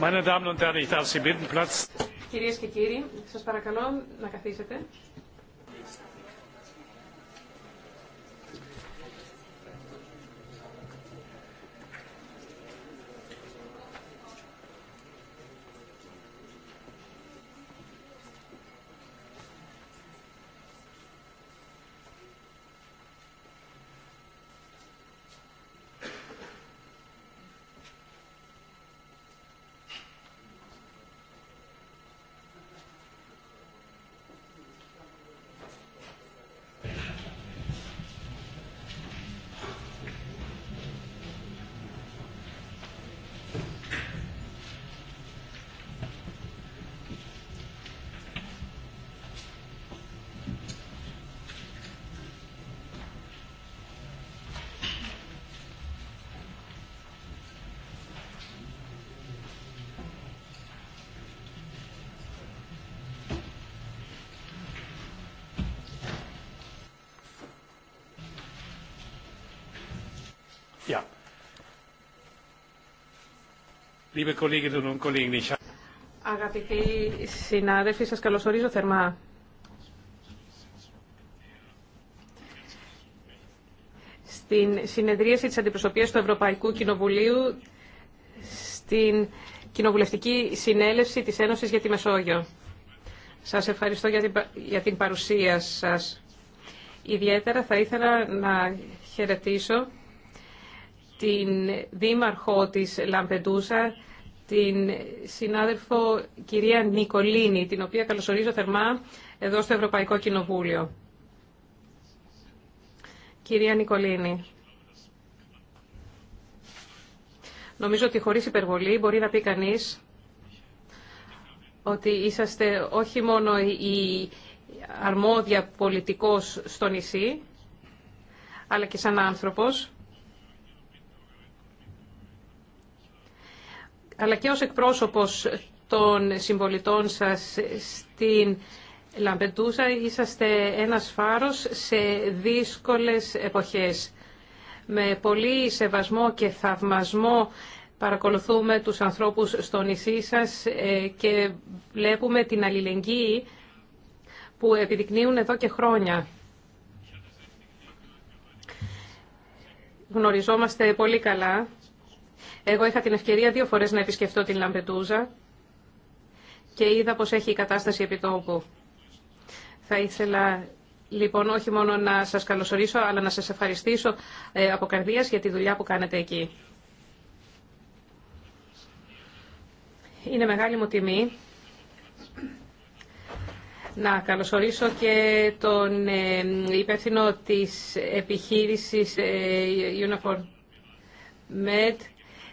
Meine Damen und Herren, ich darf Sie bitten, Platz. Κυρίες και κύριοι, σας παρακαλώ να καθίσετε. Αγαπητοί συνάδελφοι, σας καλωσορίζω θερμά. Στην συνεδρίαση της Αντιπροσωπείας του Ευρωπαϊκού Κοινοβουλίου στην Κοινοβουλευτική Συνέλευση της Ένωσης για τη Μεσόγειο. Σας ευχαριστώ για την, παρουσία σας. Ιδιαίτερα θα ήθελα να χαιρετήσω την Δήμαρχο της Λαμπεντούσα, την συνάδελφο κυρία Νικολίνη, την οποία καλωσορίζω θερμά εδώ στο Ευρωπαϊκό Κοινοβούλιο. Κυρία Νικολίνη, νομίζω ότι χωρίς υπερβολή μπορεί να πει κανείς ότι είσαστε όχι μόνο η αρμόδια πολιτικός στο νησί, αλλά και σαν άνθρωπος, αλλά και ως εκπρόσωπος των συμπολιτών σας στην Λαμπεντούζα είσαστε ένας φάρος σε δύσκολες εποχές. Με πολύ σεβασμό και θαυμασμό παρακολουθούμε τους ανθρώπους στο νησί σας ε, και βλέπουμε την αλληλεγγύη που επιδεικνύουν εδώ και χρόνια. Γνωριζόμαστε πολύ καλά εγώ είχα την ευκαιρία δύο φορές να επισκεφτώ την Λαμπετούζα και είδα πως έχει η κατάσταση επιτόπου. Θα ήθελα λοιπόν όχι μόνο να σας καλωσορίσω, αλλά να σας ευχαριστήσω ε, από καρδίας για τη δουλειά που κάνετε εκεί. Είναι μεγάλη μου τιμή να καλωσορίσω και τον ε, υπεύθυνο της επιχείρησης ε, uniform Med,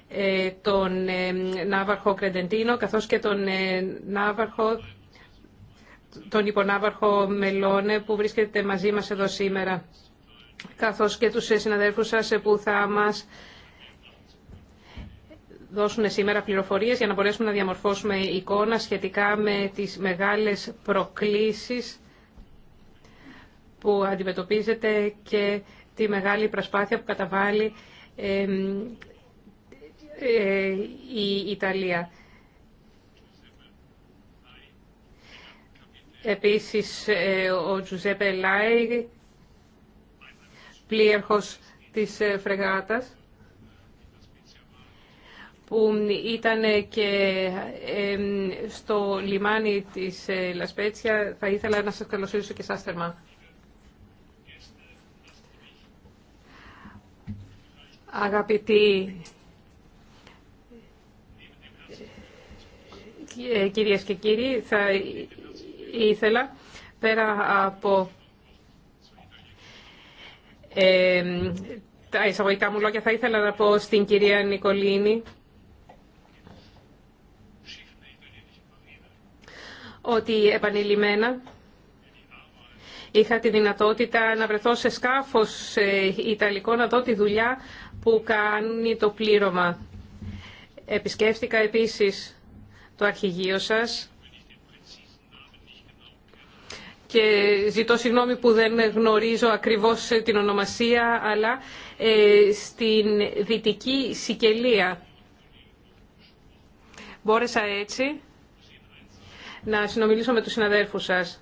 ε, τον ε, Ναύαρχο Κρεντεντίνο καθώς και τον ε, Ναύαρχο τον υπονάβαρχο Μελώνε που βρίσκεται μαζί μας εδώ σήμερα, καθώς και τους συναδέλφους σας που θα μας δώσουν σήμερα πληροφορίες για να μπορέσουμε να διαμορφώσουμε εικόνα σχετικά με τις μεγάλες προκλήσεις που αντιμετωπίζεται και τη μεγάλη προσπάθεια που καταβάλει ε, η Ιταλία. Επίσης, ε, ο Τζουζέπε Λάι, πληρχός της ε, Φρεγάτας, που ήταν και στο λιμάνι της Λασπέτσια. Θα ήθελα να σας καλωσορίσω και σας θερμά. Αγαπητοί Ε, κυρίες και κύριοι, θα ήθελα πέρα από ε, τα εισαγωγικά μου λόγια θα ήθελα να πω στην κυρία Νικολίνη ότι επανειλημμένα είχα τη δυνατότητα να βρεθώ σε σκάφος ε, Ιταλικό να δω τη δουλειά που κάνει το πλήρωμα. Επισκέφτηκα επίσης το αρχηγείο σας και ζητώ συγγνώμη που δεν γνωρίζω ακριβώς ε, την ονομασία, αλλά ε, στην Δυτική Σικελία. Μπόρεσα έτσι να συνομιλήσω με τους συναδέρφους σας.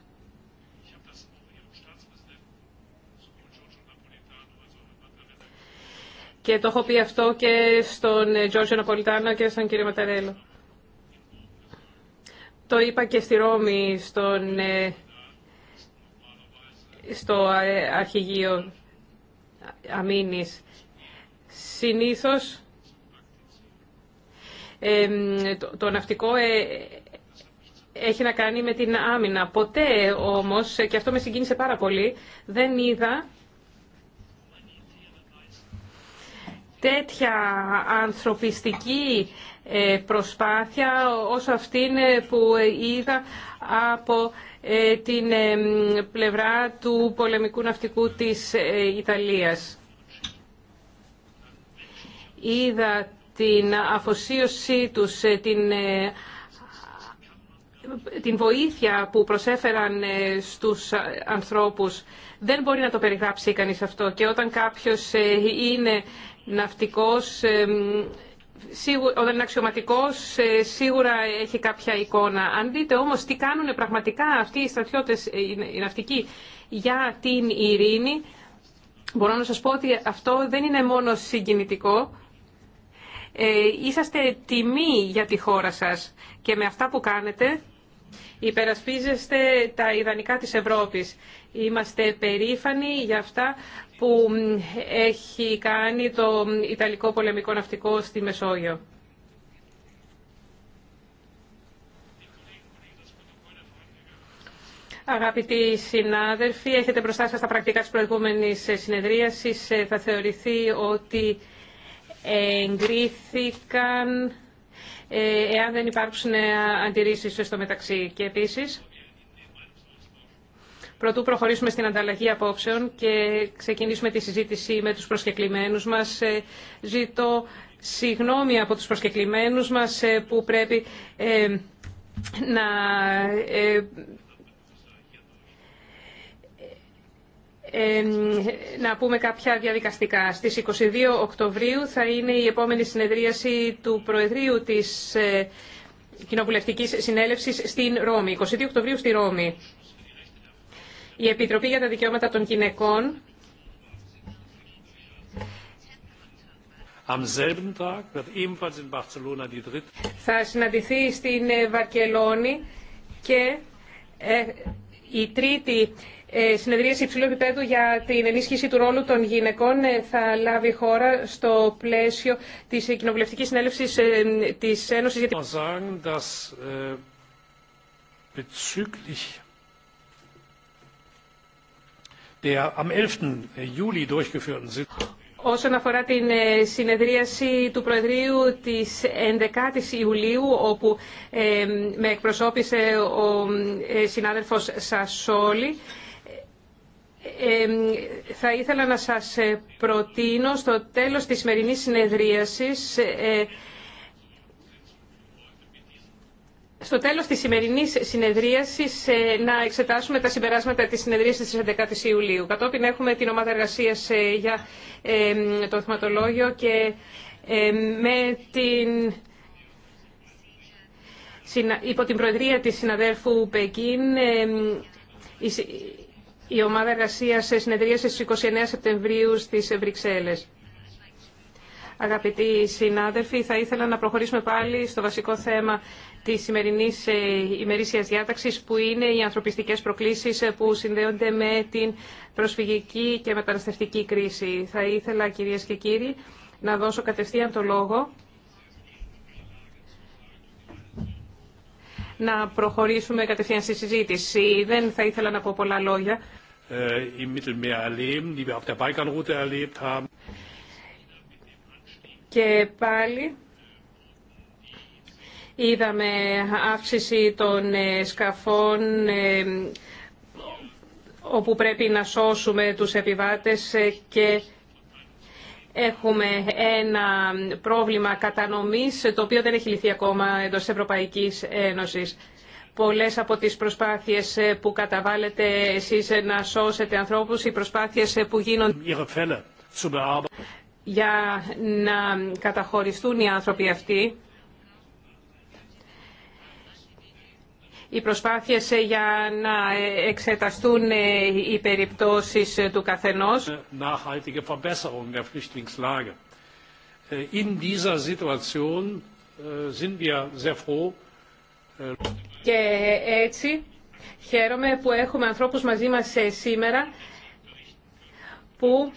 Και το έχω πει αυτό και στον Τζόρτζο ε, Ναπολιτάνο και στον κύριο Ματαρέλο. Το είπα και στη Ρώμη, στον, ε, στο ε, αρχηγείο αμήνης. Συνήθως το, το ναυτικό ε, έχει να κάνει με την άμυνα. Ποτέ όμως, και αυτό με συγκίνησε πάρα πολύ, δεν είδα τέτοια ανθρωπιστική ε, προσπάθεια όσο αυτήν ε, που ε, είδα από την πλευρά του πολεμικού ναυτικού της Ιταλίας. Είδα την αφοσίωσή τους, την την βοήθεια που προσέφεραν στους ανθρώπους δεν μπορεί να το περιγράψει κανείς αυτό και όταν κάποιος είναι ναυτικός σίγουρα, όταν είναι ε, σίγουρα έχει κάποια εικόνα. Αν δείτε όμως τι κάνουν πραγματικά αυτοί οι στρατιώτε ε, οι ναυτικοί για την ειρήνη, μπορώ να σας πω ότι αυτό δεν είναι μόνο συγκινητικό. Ε, είσαστε τιμή για τη χώρα σας και με αυτά που κάνετε υπερασπίζεστε τα ιδανικά της Ευρώπης. Είμαστε περήφανοι για αυτά που έχει κάνει το Ιταλικό πολεμικό ναυτικό στη Μεσόγειο. Αγαπητοί συνάδελφοι, έχετε μπροστά σας τα πρακτικά της προηγούμενης συνεδρίασης. Ε, θα θεωρηθεί ότι εγκρίθηκαν ε, εάν δεν υπάρξουν ε, αντιρρήσεις στο μεταξύ. Και επίσης... Πρωτού προχωρήσουμε στην ανταλλαγή απόψεων και ξεκινήσουμε τη συζήτηση με τους προσκεκλημένους μας, ε, ζητώ συγγνώμη από τους προσκεκλημένους μας ε, που πρέπει ε, να να πούμε κάποια διαδικαστικά. Στις 22 Οκτωβρίου θα είναι η επόμενη συνεδρίαση του Προεδρείου της Κοινοβουλευτικής Συνέλευσης στην Ρώμη. 22 Οκτωβρίου στη Ρώμη. Η Επιτροπή για τα Δικαιώματα των Γυναικών θα συναντηθεί στην ε, Βαρκελόνη και ε, η τρίτη ε, συνεδρίαση υψηλού επίπεδου για την ενίσχυση του ρόλου των γυναικών θα λάβει χώρα στο πλαίσιο της κοινοβουλευτικής συνέλευσης της Ένωσης για την... Όσον αφορά την ε, συνεδρίαση του Προεδρείου της 11ης Ιουλίου, όπου ε, με εκπροσώπησε ο ε, συνάδελφος Σασόλη, θα ήθελα να σας προτείνω στο τέλος της σημερινής συνεδρίασης στο τέλος της σημερινής συνεδρίασης ε, να εξετάσουμε τα συμπεράσματα της συνεδρίασης τη 11 η Ιουλίου. Κατόπιν έχουμε την ομάδα εργασίας ε, για ε, το θεματολόγιο και με την... Υπό την προεδρία της συναδέλφου Πεκίν, η ομάδα εργασία συνεδρίασε στις 29 Σεπτεμβρίου στις Βρυξέλλες. Αγαπητοί συνάδελφοι, θα ήθελα να προχωρήσουμε πάλι στο βασικό θέμα Τη σημερινή ε, ημερήσια διάταξης που είναι οι ανθρωπιστικές προκλήσεις ε, που συνδέονται με την προσφυγική και μεταναστευτική κρίση. Θα ήθελα κυρίε και κύριοι να δώσω κατευθείαν το λόγο να προχωρήσουμε κατευθείαν στη συζήτηση. Δεν θα ήθελα να πω πολλά λόγια. Äh, και πάλι Είδαμε αύξηση των ε, σκαφών ε, όπου πρέπει να σώσουμε τους επιβάτες ε, και έχουμε ένα πρόβλημα κατανομής το οποίο δεν έχει λυθεί ακόμα εντός της Ευρωπαϊκής Ένωσης. Πολλές από τις προσπάθειες που καταβάλλετε εσείς να σώσετε ανθρώπους, οι προσπάθειες που γίνονται για να καταχωριστούν οι άνθρωποι αυτοί, οι προσπάθειες για να εξεταστούν ε, οι περιπτώσεις ε, του καθενός. Äh, äh, äh, και έτσι χαίρομαι που έχουμε ανθρώπους μαζί μας ε, σήμερα που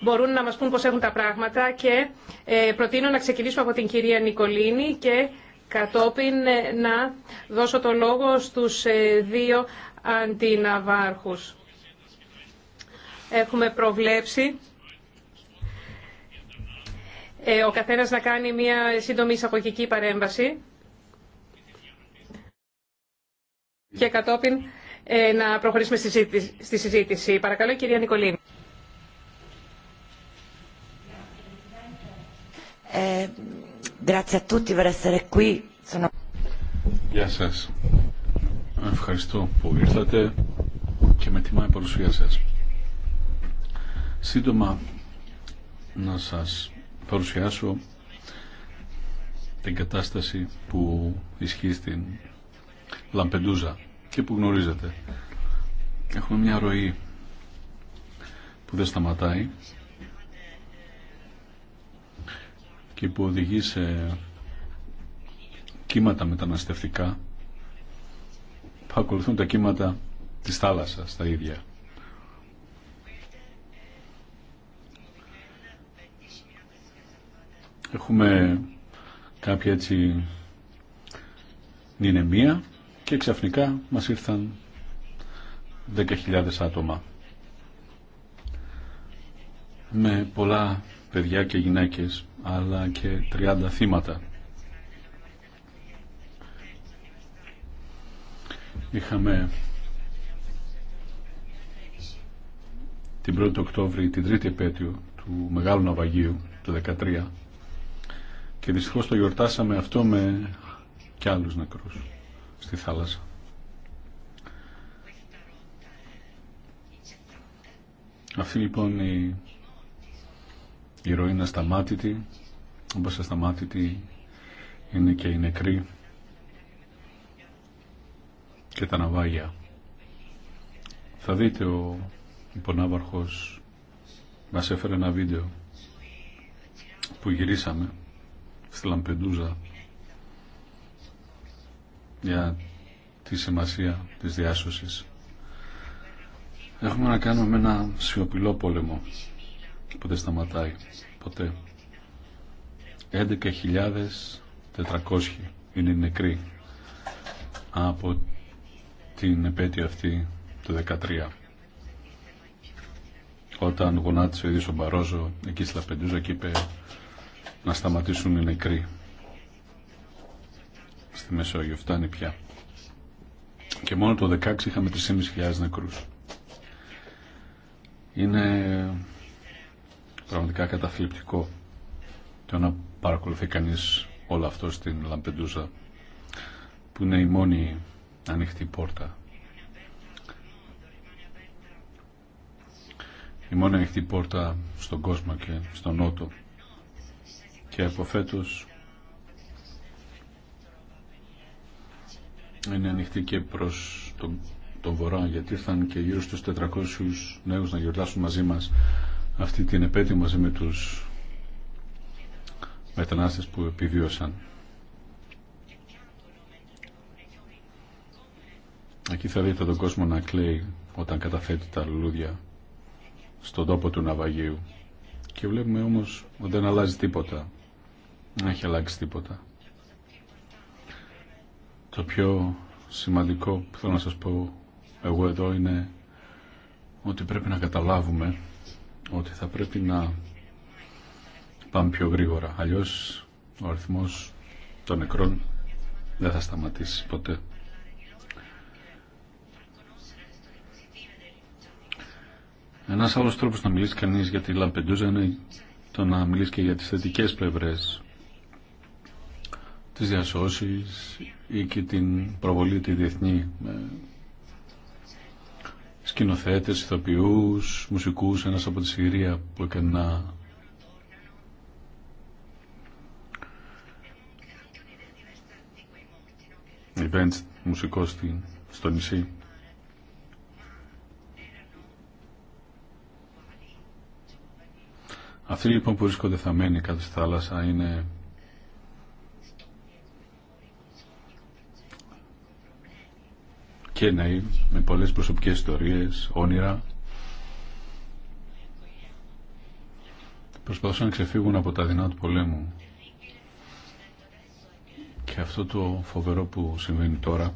μπορούν να μας πούν πώς έχουν τα πράγματα και προτείνω να ξεκινήσουμε από την κυρία Νικολίνη και κατόπιν ε, να δώσω το λόγο στους ε, δύο αντιναβάρχους. Έχουμε προβλέψει ε, ο καθένας να κάνει μια σύντομη εισαγωγική παρέμβαση και κατόπιν να προχωρήσουμε στη συζήτηση. Παρακαλώ, κυρία Νικολίνη. Ε, Γεια σας. Ευχαριστώ που ήρθατε και με τιμά η παρουσία σας. Σύντομα να σας παρουσιάσω την κατάσταση που ισχύει στην Λαμπεντούζα και που γνωρίζετε. Έχουμε μια ροή που δεν σταματάει και που οδηγεί σε κύματα μεταναστευτικά που ακολουθούν τα κύματα της θάλασσας τα ίδια. Έχουμε κάποια έτσι και ξαφνικά μας ήρθαν 10.000 άτομα με πολλά παιδιά και γυναίκες αλλά και 30 θύματα. Είχαμε την 1η Οκτώβρη, την 3η επέτειο του Μεγάλου Ναυαγίου, το 2013, και δυστυχώς το γιορτάσαμε αυτό με κι άλλους νεκρούς στη θάλασσα. Αυτή λοιπόν η η ροή είναι ασταμάτητη, όπως ασταμάτητη είναι και η νεκρή και τα ναυάγια. Θα δείτε ο υπονάβαρχος μας έφερε ένα βίντεο που γυρίσαμε στη Λαμπεντούζα για τη σημασία της διάσωσης. Έχουμε να κάνουμε ένα σιωπηλό πόλεμο που δεν σταματάει ποτέ. 11.400 είναι νεκροί από την επέτειο αυτή το 2013 όταν γονάτισε ο ίδιος ο Μπαρόζο εκεί στη Λαπεντούζα και είπε να σταματήσουν οι νεκροί στη Μεσόγειο φτάνει πια και μόνο το 16 είχαμε 3.500 νεκρούς είναι πραγματικά καταθλιπτικό το να παρακολουθεί κανείς όλο αυτό στην Λαμπεντούζα που είναι η μόνη ανοιχτή πόρτα. Η μόνη ανοιχτή πόρτα στον κόσμο και στον Νότο και από φέτος είναι ανοιχτή και προς τον, τον Βορρά γιατί ήρθαν και γύρω στους 400 νέους να γιορτάσουν μαζί μας αυτή την επέτειο μαζί με τους μετανάστες που επιβίωσαν. Εκεί θα δείτε τον κόσμο να κλαίει όταν καταθέτει τα λουλούδια στον τόπο του ναυαγίου. Και βλέπουμε όμως ότι δεν αλλάζει τίποτα. Δεν έχει αλλάξει τίποτα. Το πιο σημαντικό που θέλω να σας πω εγώ εδώ είναι ότι πρέπει να καταλάβουμε ότι θα πρέπει να πάμε πιο γρήγορα. Αλλιώς ο αριθμός των νεκρών δεν θα σταματήσει ποτέ. Ένα άλλο τρόπο να μιλήσει κανεί για τη Λαμπεντούζα είναι το να μιλήσει και για τι θετικέ πλευρέ. τη διασώση ή και την προβολή τη διεθνή ε, σκηνοθέτες, ηθοποιούς, μουσικούς, ένας από τη Συρία που έκανε ένα event μουσικό στη, στο νησί. Αυτοί λοιπόν που βρίσκονται θαμένοι κάτω στη θάλασσα είναι και νέοι με πολλές προσωπικές ιστορίες, όνειρα. Προσπαθούσαν να ξεφύγουν από τα δεινά του πολέμου. Και αυτό το φοβερό που συμβαίνει τώρα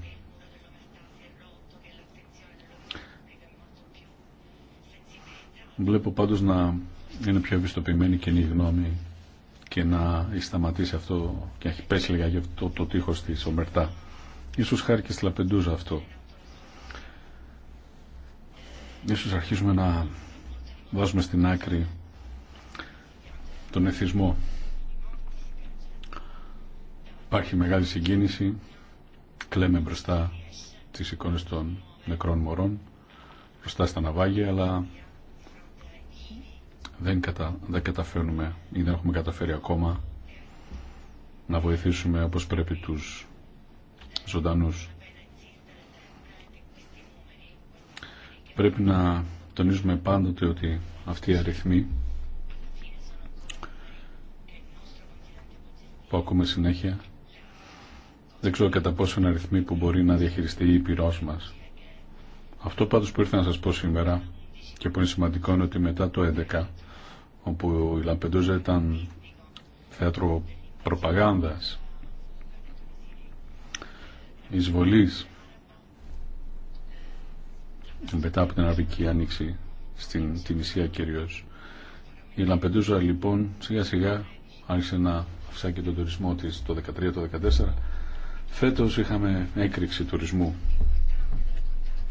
βλέπω πάντως να είναι πιο ευιστοποιημένη η γνώμη και να έχει σταματήσει αυτό και να έχει πέσει λίγα για αυτό το τείχος της Ομπερτά. Ίσως χάρη και στη Λαπεντούζα αυτό ίσως αρχίζουμε να βάζουμε στην άκρη τον εθισμό. Υπάρχει μεγάλη συγκίνηση, κλαίμε μπροστά τις εικόνες των νεκρών μωρών, μπροστά στα ναυάγια, αλλά δεν, κατα, δεν καταφέρνουμε ή δεν έχουμε καταφέρει ακόμα να βοηθήσουμε όπως πρέπει τους ζωντανούς. Πρέπει να τονίζουμε πάντοτε ότι αυτή οι αριθμοί που ακούμε συνέχεια δεν ξέρω κατά πόσο είναι αριθμοί που μπορεί να διαχειριστεί η πυρός μας. Αυτό πάντως που ήρθα να σας πω σήμερα και που είναι σημαντικό είναι ότι μετά το 11 όπου η Λαμπεντούζα ήταν θέατρο προπαγάνδας εισβολής μετά από την Αραβική Άνοιξη στην Τινησία κυρίως. Η Λαμπεντούζα λοιπόν σιγά σιγά άρχισε να και τον τουρισμό τη το 2013 το 2014. Φέτος είχαμε έκρηξη τουρισμού.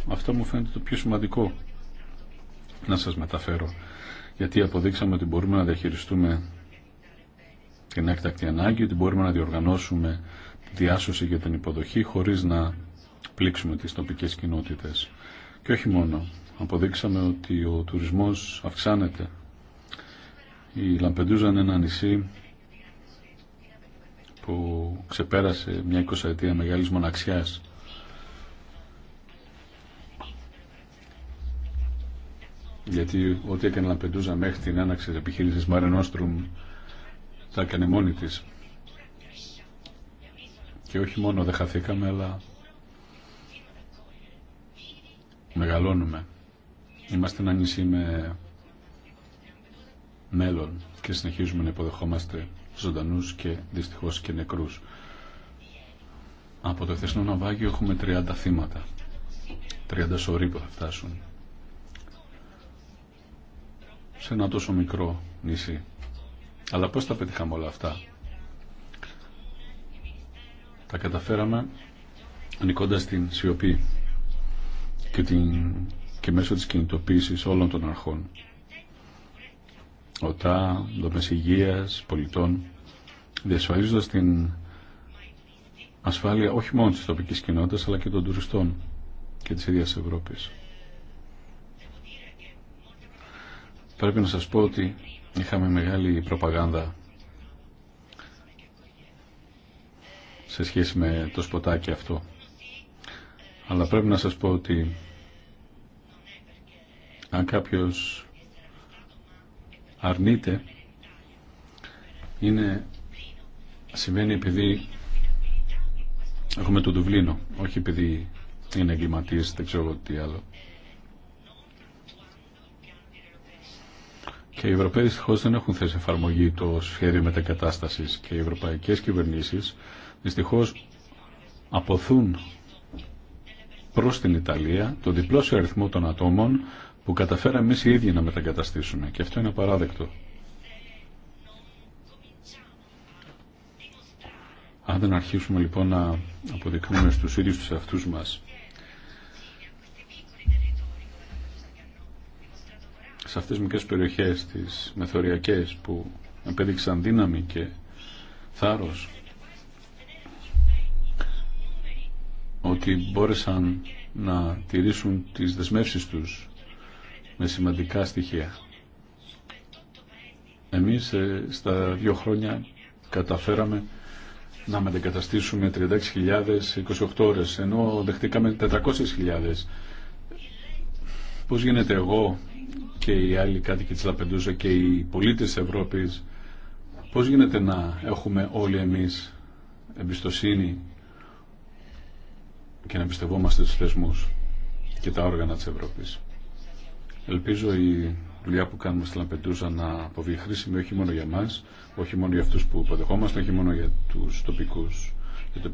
Αυτό μου φαίνεται το πιο σημαντικό να σας μεταφέρω. Γιατί αποδείξαμε ότι μπορούμε να διαχειριστούμε την έκτακτη ανάγκη, ότι μπορούμε να διοργανώσουμε διάσωση για την υποδοχή χωρίς να πλήξουμε τις τοπικές κοινότητες. Και όχι μόνο. Αποδείξαμε ότι ο τουρισμός αυξάνεται. Η Λαμπεντούζα είναι ένα νησί που ξεπέρασε μια εικοσαετία μεγάλης μοναξιάς. Γιατί ό,τι έκανε Λαμπεντούζα μέχρι την άναξη της επιχείρησης Μαρενόστρουμ τα έκανε μόνη της. Και όχι μόνο δεν χαθήκαμε, αλλά μεγαλώνουμε. Είμαστε ένα νησί με μέλλον και συνεχίζουμε να υποδεχόμαστε ζωντανούς και δυστυχώς και νεκρούς. Από το Εθνικό Ναυάγιο έχουμε 30 θύματα. 30 σωροί που θα φτάσουν. Σε ένα τόσο μικρό νησί. Αλλά πώς τα πετύχαμε όλα αυτά. Τα καταφέραμε νικώντας την σιωπή και, την, και μέσω της κινητοποίησης όλων των αρχών. ΟΤΑ, δομές υγείας, πολιτών, διασφαλίζοντας την ασφάλεια όχι μόνο της τοπικής κοινότητας αλλά και των τουριστών και της ίδιας Ευρώπης. Πρέπει να σας πω ότι είχαμε μεγάλη προπαγάνδα σε σχέση με το σποτάκι αυτό. Αλλά πρέπει να σας πω ότι αν κάποιος αρνείται είναι συμβαίνει επειδή έχουμε το Δουβλίνο όχι επειδή είναι εγκληματίες δεν ξέρω τι άλλο και οι Ευρωπαίοι δυστυχώ δεν έχουν θέσει εφαρμογή το σχέδιο μετακατάστασης και οι ευρωπαϊκές κυβερνήσεις δυστυχώς αποθούν προς την Ιταλία το διπλώσιο αριθμό των ατόμων που καταφέραμε εμείς οι ίδιοι να μεταγκαταστήσουμε Και αυτό είναι απαράδεκτο. Αν δεν αρχίσουμε λοιπόν να αποδεικνύουμε στους ίδιους τους αυτούς μας σε αυτές τις μικρές περιοχές, τις μεθοριακές που επέδειξαν δύναμη και θάρρος ότι μπόρεσαν να τηρήσουν τις δεσμεύσεις τους με σημαντικά στοιχεία. Εμείς ε, στα δύο χρόνια καταφέραμε να μετεγκαταστήσουμε 36.028 ώρες, ενώ δεχτήκαμε 400.000. Πώς γίνεται εγώ και οι άλλοι κάτοικοι της Λαπεντούζα και οι πολίτες της Ευρώπης, πώς γίνεται να έχουμε όλοι εμείς εμπιστοσύνη και να εμπιστευόμαστε τους θεσμούς και τα όργανα της Ευρώπης. Ελπίζω η δουλειά που κάνουμε στη Λαμπεντούζα να αποβεί χρήσιμη όχι μόνο για μας, όχι μόνο για αυτούς που υποδεχόμαστε, όχι μόνο για τους τοπικούς, για την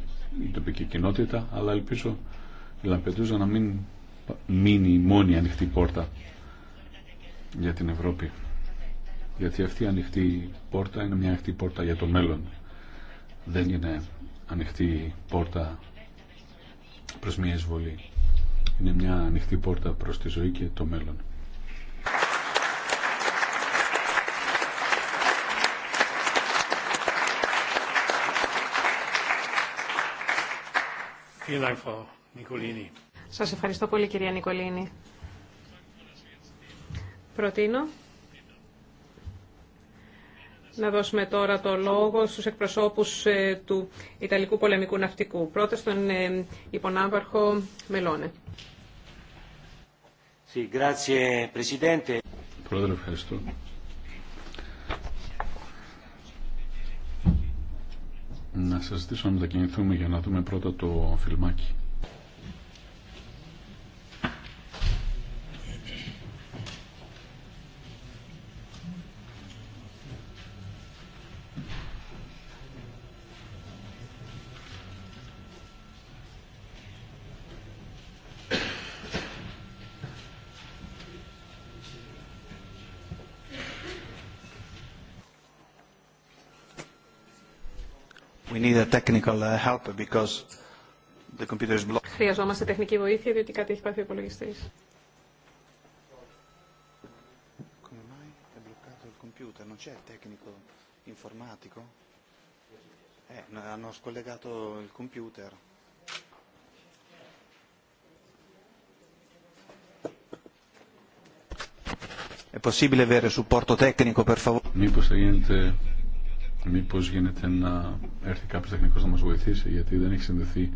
τοπική κοινότητα, αλλά ελπίζω η Λαμπεντούζα να μην μείνει η μόνη ανοιχτή πόρτα για την Ευρώπη. Γιατί αυτή η ανοιχτή πόρτα είναι μια ανοιχτή πόρτα για το μέλλον. Δεν είναι ανοιχτή πόρτα προς μια εισβολή. Είναι μια ανοιχτή πόρτα προς τη ζωή και το μέλλον. Σας ευχαριστώ πολύ κυρία Νικολίνη. Προτείνω να δώσουμε τώρα το λόγο στους εκπροσώπους ε, του Ιταλικού Πολεμικού Ναυτικού. Πρώτα στον ε, υπονάμβαρχο Μελώνε. Πρόεδρε, ευχαριστώ. Να σας ζητήσω να μετακινηθούμε για να δούμε πρώτα το φιλμάκι. We need a technical help because the computer is blocked. Χρειαζόμαστε τεχνική βοήθεια διότι κάτι έχει πάθει ο υπολογιστής. Come mai è bloccato il computer? Non c'è tecnico informatico? Eh, hanno scollegato il computer. È possibile avere supporto tecnico, per favore? Μήπως θα niente... Μήπως γίνεται να έρθει κάποιος τεχνικός να μας βοηθήσει γιατί δεν έχει συνδεθεί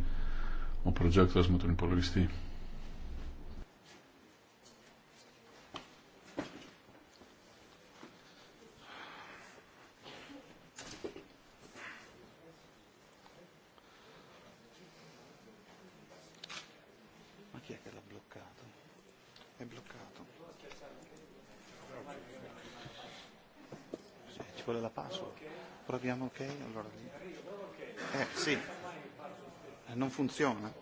ο προτζέκτορας με τον υπολογιστή. funziona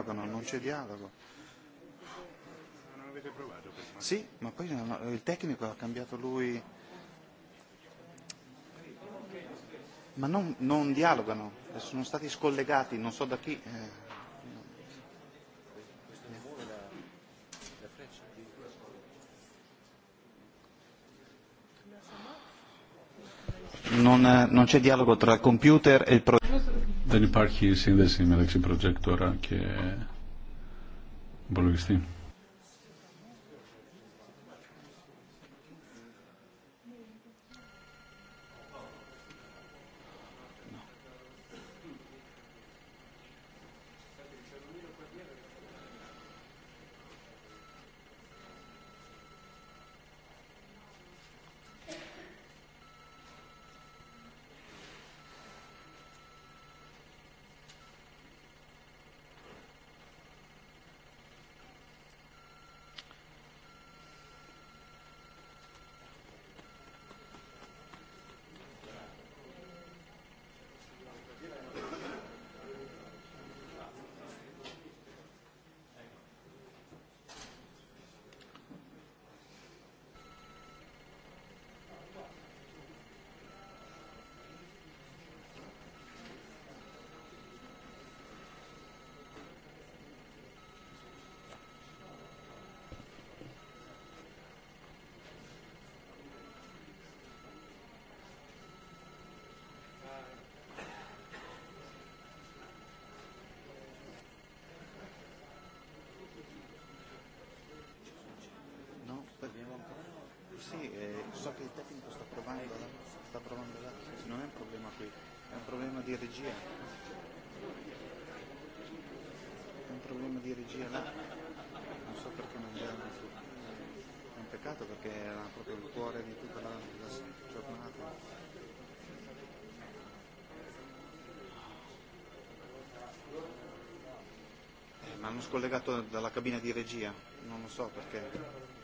non, c'è dialogo. Sì, ma poi il tecnico ha cambiato lui. Ma non, non dialogano, sono stati scollegati, non so da chi. Non, non c'è dialogo tra il computer e il δεν υπάρχει σύνδεση μεταξύ προτζέκτορα και υπολογιστή. di regia. un problema di regia là. Non so perché non andiamo È un peccato perché era proprio il cuore di tutta la, la giornata. ma hanno scollegato dalla cabina di regia, non lo so perché.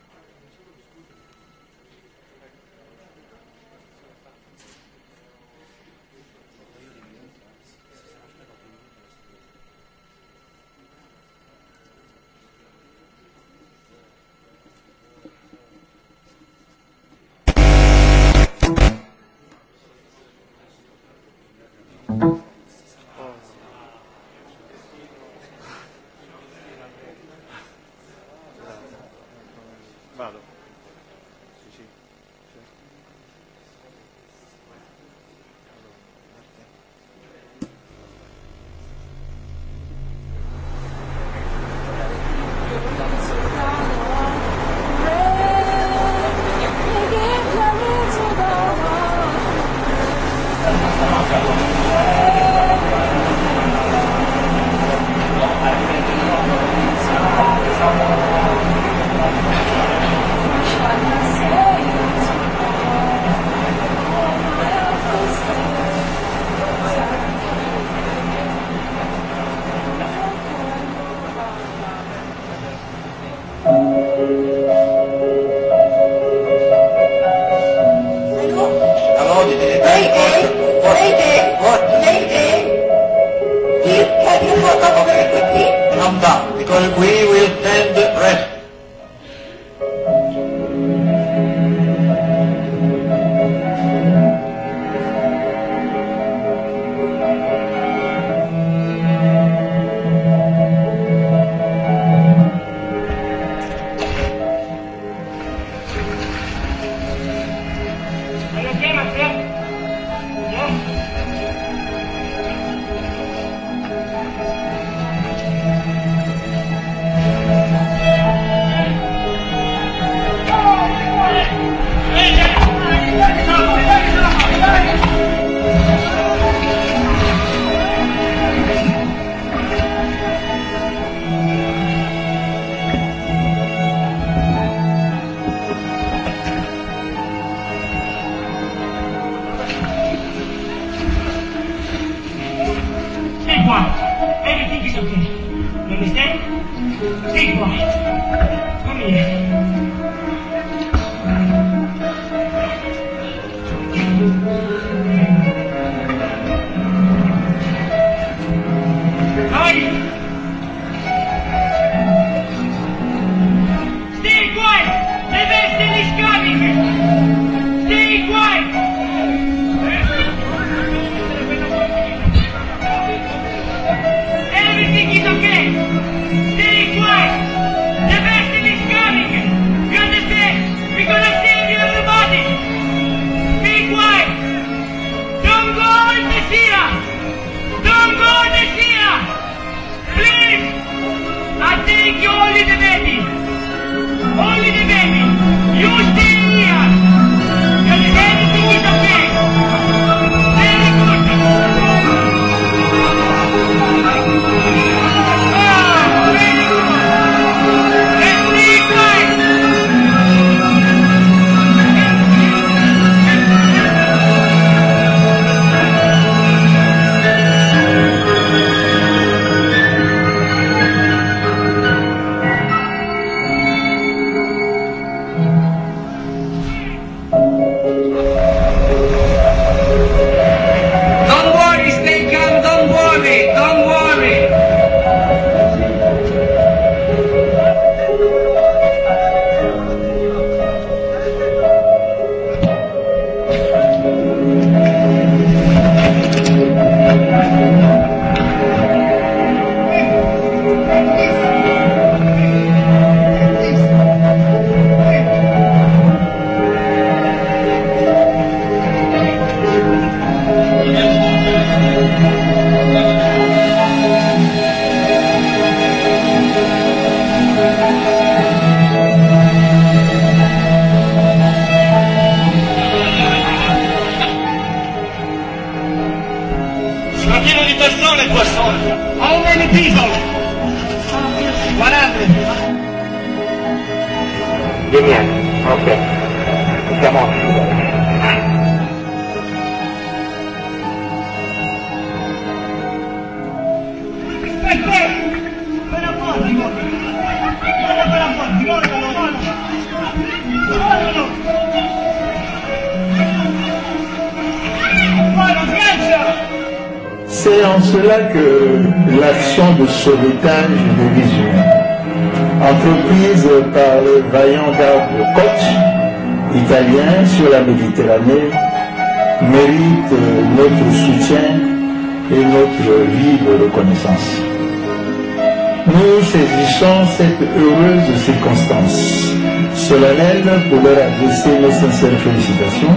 instance solennelle pour leur adresser nos sincères félicitations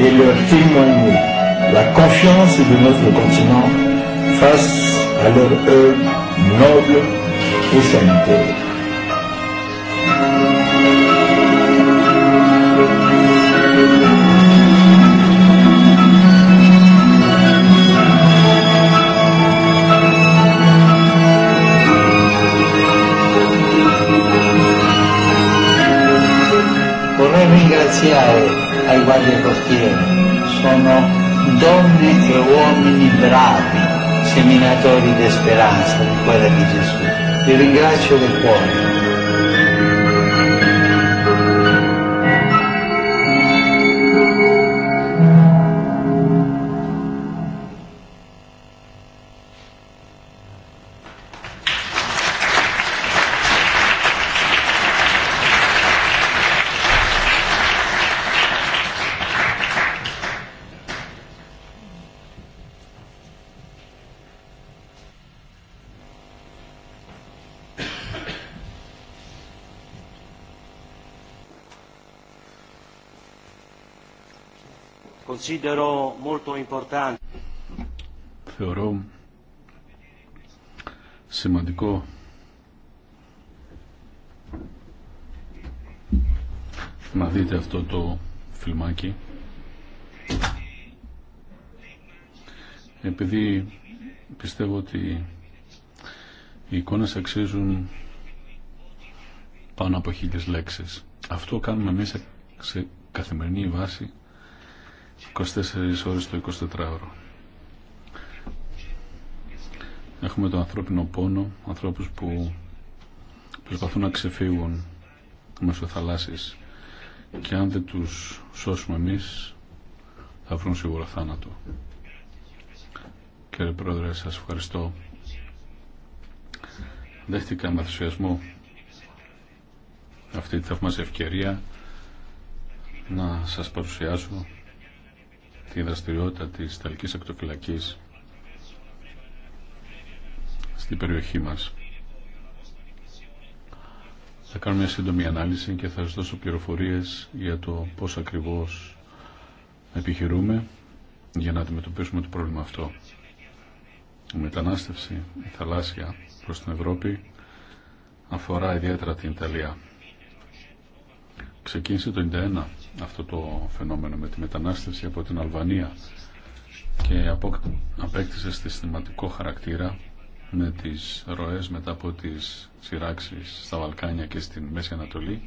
et leur témoigner la confiance de notre continent face à leur œuvre noble et sanitaire. varie costiere, sono donne e uomini bravi, seminatori di speranza di quella di Gesù. Vi ringrazio del cuore. Θεωρώ σημαντικό να δείτε αυτό το φιλμάκι επειδή πιστεύω ότι οι εικόνες αξίζουν πάνω από χίλιες λέξεις. Αυτό κάνουμε εμείς σε καθημερινή βάση 24 ώρες το 24ωρο. Έχουμε τον ανθρώπινο πόνο, ανθρώπους που προσπαθούν να ξεφύγουν μέσω θαλάσσης και αν δεν τους σώσουμε εμείς θα βρουν σίγουρα θάνατο. Κύριε Πρόεδρε, σας ευχαριστώ. Δέχτηκα με ενθουσιασμό αυτή τη θαυμάσια ευκαιρία να σας παρουσιάσω τη δραστηριότητα τη Ιταλικής ακτοφυλακή στην περιοχή μας. Θα κάνω μια σύντομη ανάλυση και θα σα δώσω πληροφορίες για το πώς ακριβώς επιχειρούμε για να αντιμετωπίσουμε το πρόβλημα αυτό. Η μετανάστευση, η θαλάσσια προς την Ευρώπη αφορά ιδιαίτερα την Ιταλία. Ξεκίνησε το 1991 αυτό το φαινόμενο με τη μετανάστευση από την Αλβανία και απέκτησε συστηματικό χαρακτήρα με τις ροές μετά από τις σειράξεις στα Βαλκάνια και στην Μέση Ανατολή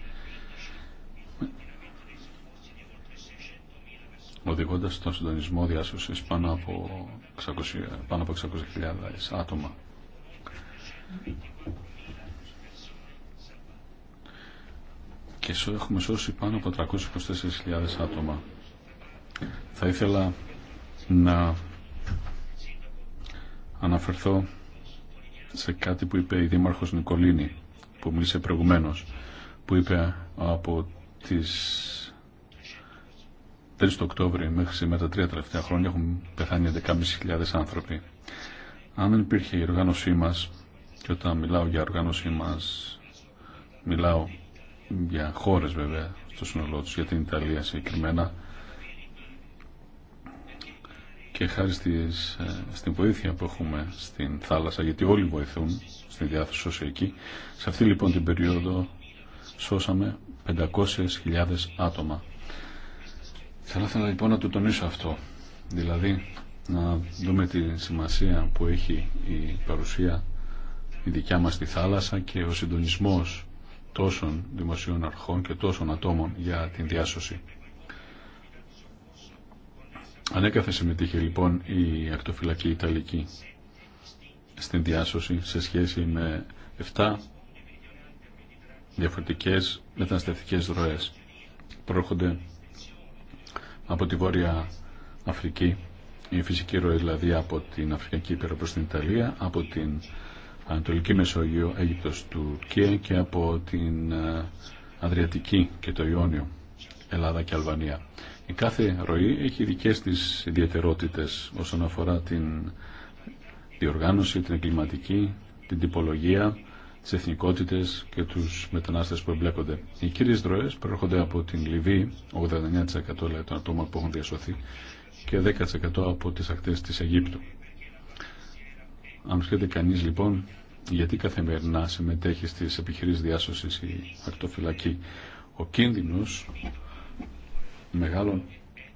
οδηγώντας τον συντονισμό διάσωσης πάνω από 600.000 600 άτομα. και έχουμε σώσει πάνω από 324.000 άτομα. Θα ήθελα να αναφερθώ σε κάτι που είπε η Δήμαρχος Νικολίνη που μίλησε προηγουμένως που είπε από τις 3 του Οκτώβρη μέχρι σήμερα τα τρία τελευταία χρόνια έχουν πεθάνει 11.500 άνθρωποι. Αν δεν υπήρχε η οργάνωσή μας και όταν μιλάω για οργάνωσή μας μιλάω για χώρες βέβαια στο σύνολό τους, για την Ιταλία συγκεκριμένα και χάρη στις, ε, στην βοήθεια που έχουμε στην θάλασσα, γιατί όλοι βοηθούν στη διάθεση όσο εκεί. Σε αυτή λοιπόν την περίοδο σώσαμε 500.000 άτομα. Θα ήθελα λοιπόν να το τονίσω αυτό, δηλαδή να δούμε τη σημασία που έχει η παρουσία η δικιά μας στη θάλασσα και ο συντονισμός τόσων δημοσίων αρχών και τόσων ατόμων για την διάσωση. Ανέκαθε συμμετείχε λοιπόν η ακτοφυλακή Ιταλική στην διάσωση σε σχέση με 7 διαφορετικές μεταναστευτικές ροές. Προέρχονται από τη Βόρεια Αφρική, η φυσική ροή δηλαδή από την Αφρική πέρα προς την Ιταλία, από την Ανατολική Μεσόγειο, Αίγυπτος, Τουρκία και από την ε, Αδριατική και το Ιόνιο, Ελλάδα και Αλβανία. Η κάθε ροή έχει δικές της ιδιαιτερότητες όσον αφορά την διοργάνωση, την εγκληματική, την τυπολογία, τις εθνικότητες και τους μετανάστες που εμπλέκονται. Οι κύριες ροές προέρχονται από την Λιβύη, 89% των ατόμων που έχουν διασωθεί, και 10% από τις ακτές της Αιγύπτου. Αν σκέφτεται κανείς λοιπόν γιατί καθημερινά συμμετέχει στις επιχειρήσεις διάσωσης η ακτοφυλακή. Ο κίνδυνος μεγάλων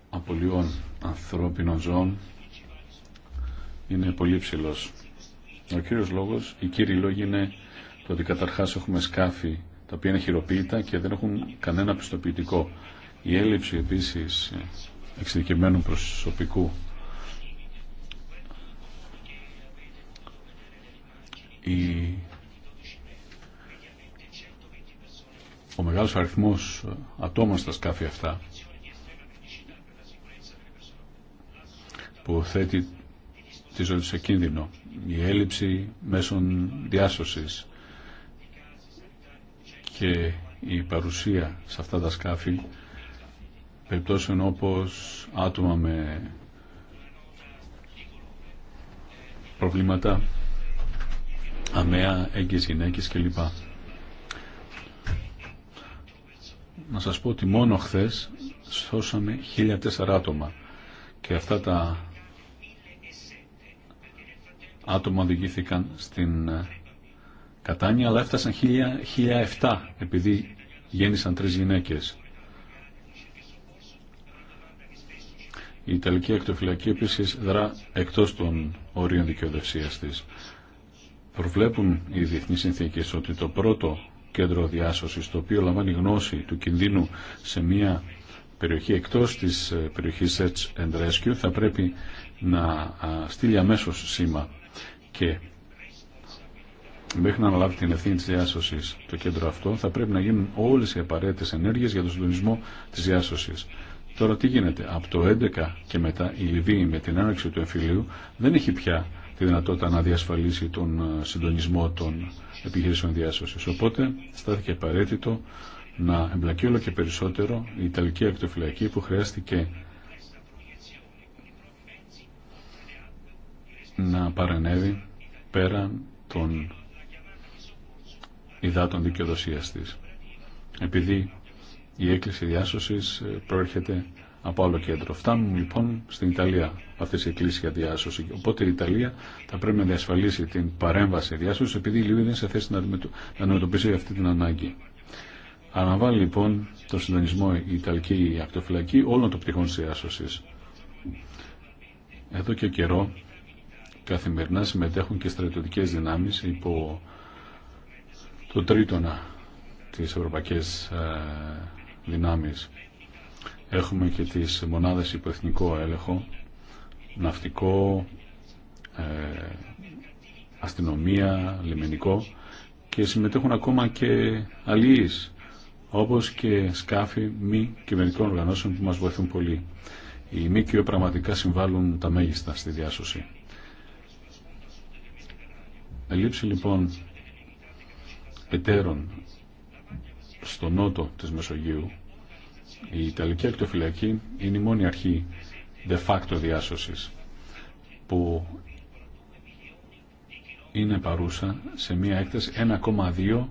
απολειών ανθρώπινων ζώων είναι πολύ ψηλό. Ο κύριος λόγος, η κύριοι είναι το ότι καταρχάς έχουμε σκάφη τα οποία είναι χειροποίητα και δεν έχουν κανένα πιστοποιητικό. Η έλλειψη επίσης εξειδικευμένου προσωπικού η... ο μεγάλος αριθμός ε, ατόμων στα σκάφη αυτά που θέτει τη ζωή σε κίνδυνο, η έλλειψη μέσων διάσωσης και η παρουσία σε αυτά τα σκάφη περιπτώσεων όπως άτομα με προβλήματα αμαία, έγκυες γυναίκες κλπ. Να σας πω ότι μόνο χθες σώσαμε 1.004 άτομα και αυτά τα άτομα οδηγήθηκαν στην ε, Κατάνια, αλλά έφτασαν 1.007 επειδή γέννησαν τρεις γυναίκες. Η Ιταλική Ακτοφυλακή επίσης δρά εκτός των ορίων δικαιοδευσίας της προβλέπουν οι διεθνείς συνθήκες ότι το πρώτο κέντρο διάσωσης το οποίο λαμβάνει γνώση του κινδύνου σε μια περιοχή εκτός της ε, περιοχής Search and Rescue θα πρέπει να στείλει αμέσως σήμα και μέχρι να αναλάβει την ευθύνη της διάσωσης το κέντρο αυτό θα πρέπει να γίνουν όλες οι απαραίτητες ενέργειες για τον συντονισμό της διάσωσης. Τώρα τι γίνεται, από το 11 και μετά η Λιβύη με την άνοιξη του εμφυλίου δεν έχει πια τη δυνατότητα να διασφαλίσει τον ε, συντονισμό των επιχειρήσεων διάσωσης. Οπότε στάθηκε απαραίτητο να εμπλακεί όλο και περισσότερο η Ιταλική Ακτοφυλακή που χρειάστηκε να παρενέβει πέραν των υδάτων δικαιοδοσίας της. Επειδή η έκκληση διάσωσης ε, προέρχεται από άλλο κέντρο. Φτάνουν λοιπόν στην Ιταλία αυτέ οι εκκλήσει για διάσωση. Οπότε η Ιταλία θα πρέπει να διασφαλίσει την παρέμβαση διάσωση, επειδή η Λιβύη δεν είναι σε θέση να αντιμετωπίσει αυτή την ανάγκη. Αναβάλλει λοιπόν το συντονισμό η Ιταλική ακτοφυλακή όλων των πτυχών τη διάσωση. Εδώ και καιρό καθημερινά συμμετέχουν και στρατιωτικέ δυνάμει υπό το τρίτονα τη Ευρωπαϊκή ε, δυνάμει. Έχουμε και τις μονάδες υποεθνικό έλεγχο, ναυτικό, ε, αστυνομία, λιμενικό και συμμετέχουν ακόμα και αλληλείς, όπως και σκάφη μη κυβερνικών οργανώσεων που μας βοηθούν πολύ. Οι ΜΚΟ πραγματικά συμβάλλουν τα μέγιστα στη διάσωση. Ελήψη λοιπόν εταίρων στο νότο της Μεσογείου η Ιταλική ακτοφυλακή είναι η μόνη αρχή de facto διάσωσης που είναι παρούσα σε μία έκταση 1,2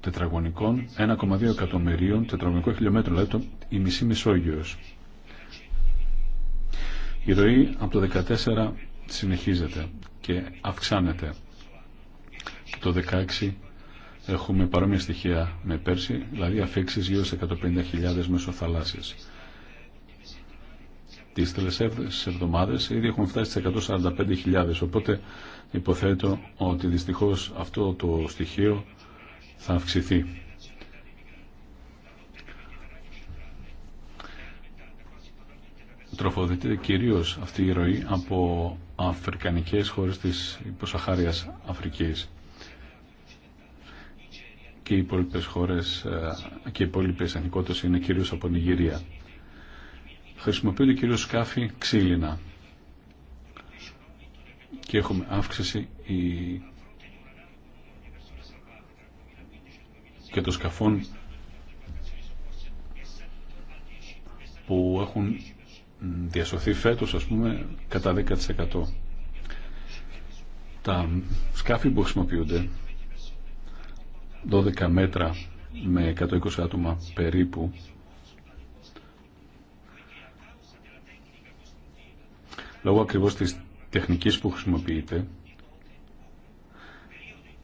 τετραγωνικών, 1,2 εκατομμυρίων τετραγωνικών χιλιόμετρων, δηλαδή η μισή Μεσόγειος. Η ροή από το 2014 συνεχίζεται και αυξάνεται. Το 2016 έχουμε παρόμοια στοιχεία με πέρσι, δηλαδή αφήξει γύρω σε 150.000 μεσοθαλάσσιες. Τις τελευταίε εβδομάδες ήδη έχουμε φτάσει στι 145.000, οπότε υποθέτω ότι δυστυχώς αυτό το στοιχείο θα αυξηθεί. Τροφοδοτείται κυρίω αυτή η ροή από αφρικανικές χώρες της υποσαχάριας Αφρικής και οι υπόλοιπε χώρε ε, και οι υπόλοιπε ανικότητε είναι κυρίω από Νιγηρία. Χρησιμοποιούνται κυρίω σκάφη ξύλινα και έχουμε αύξηση και των σκαφών που έχουν διασωθεί φέτος ας πούμε κατά 10%. Τα σκάφη που χρησιμοποιούνται 12 μέτρα με 120 άτομα περίπου λόγω ακριβώς της τεχνικής που χρησιμοποιείται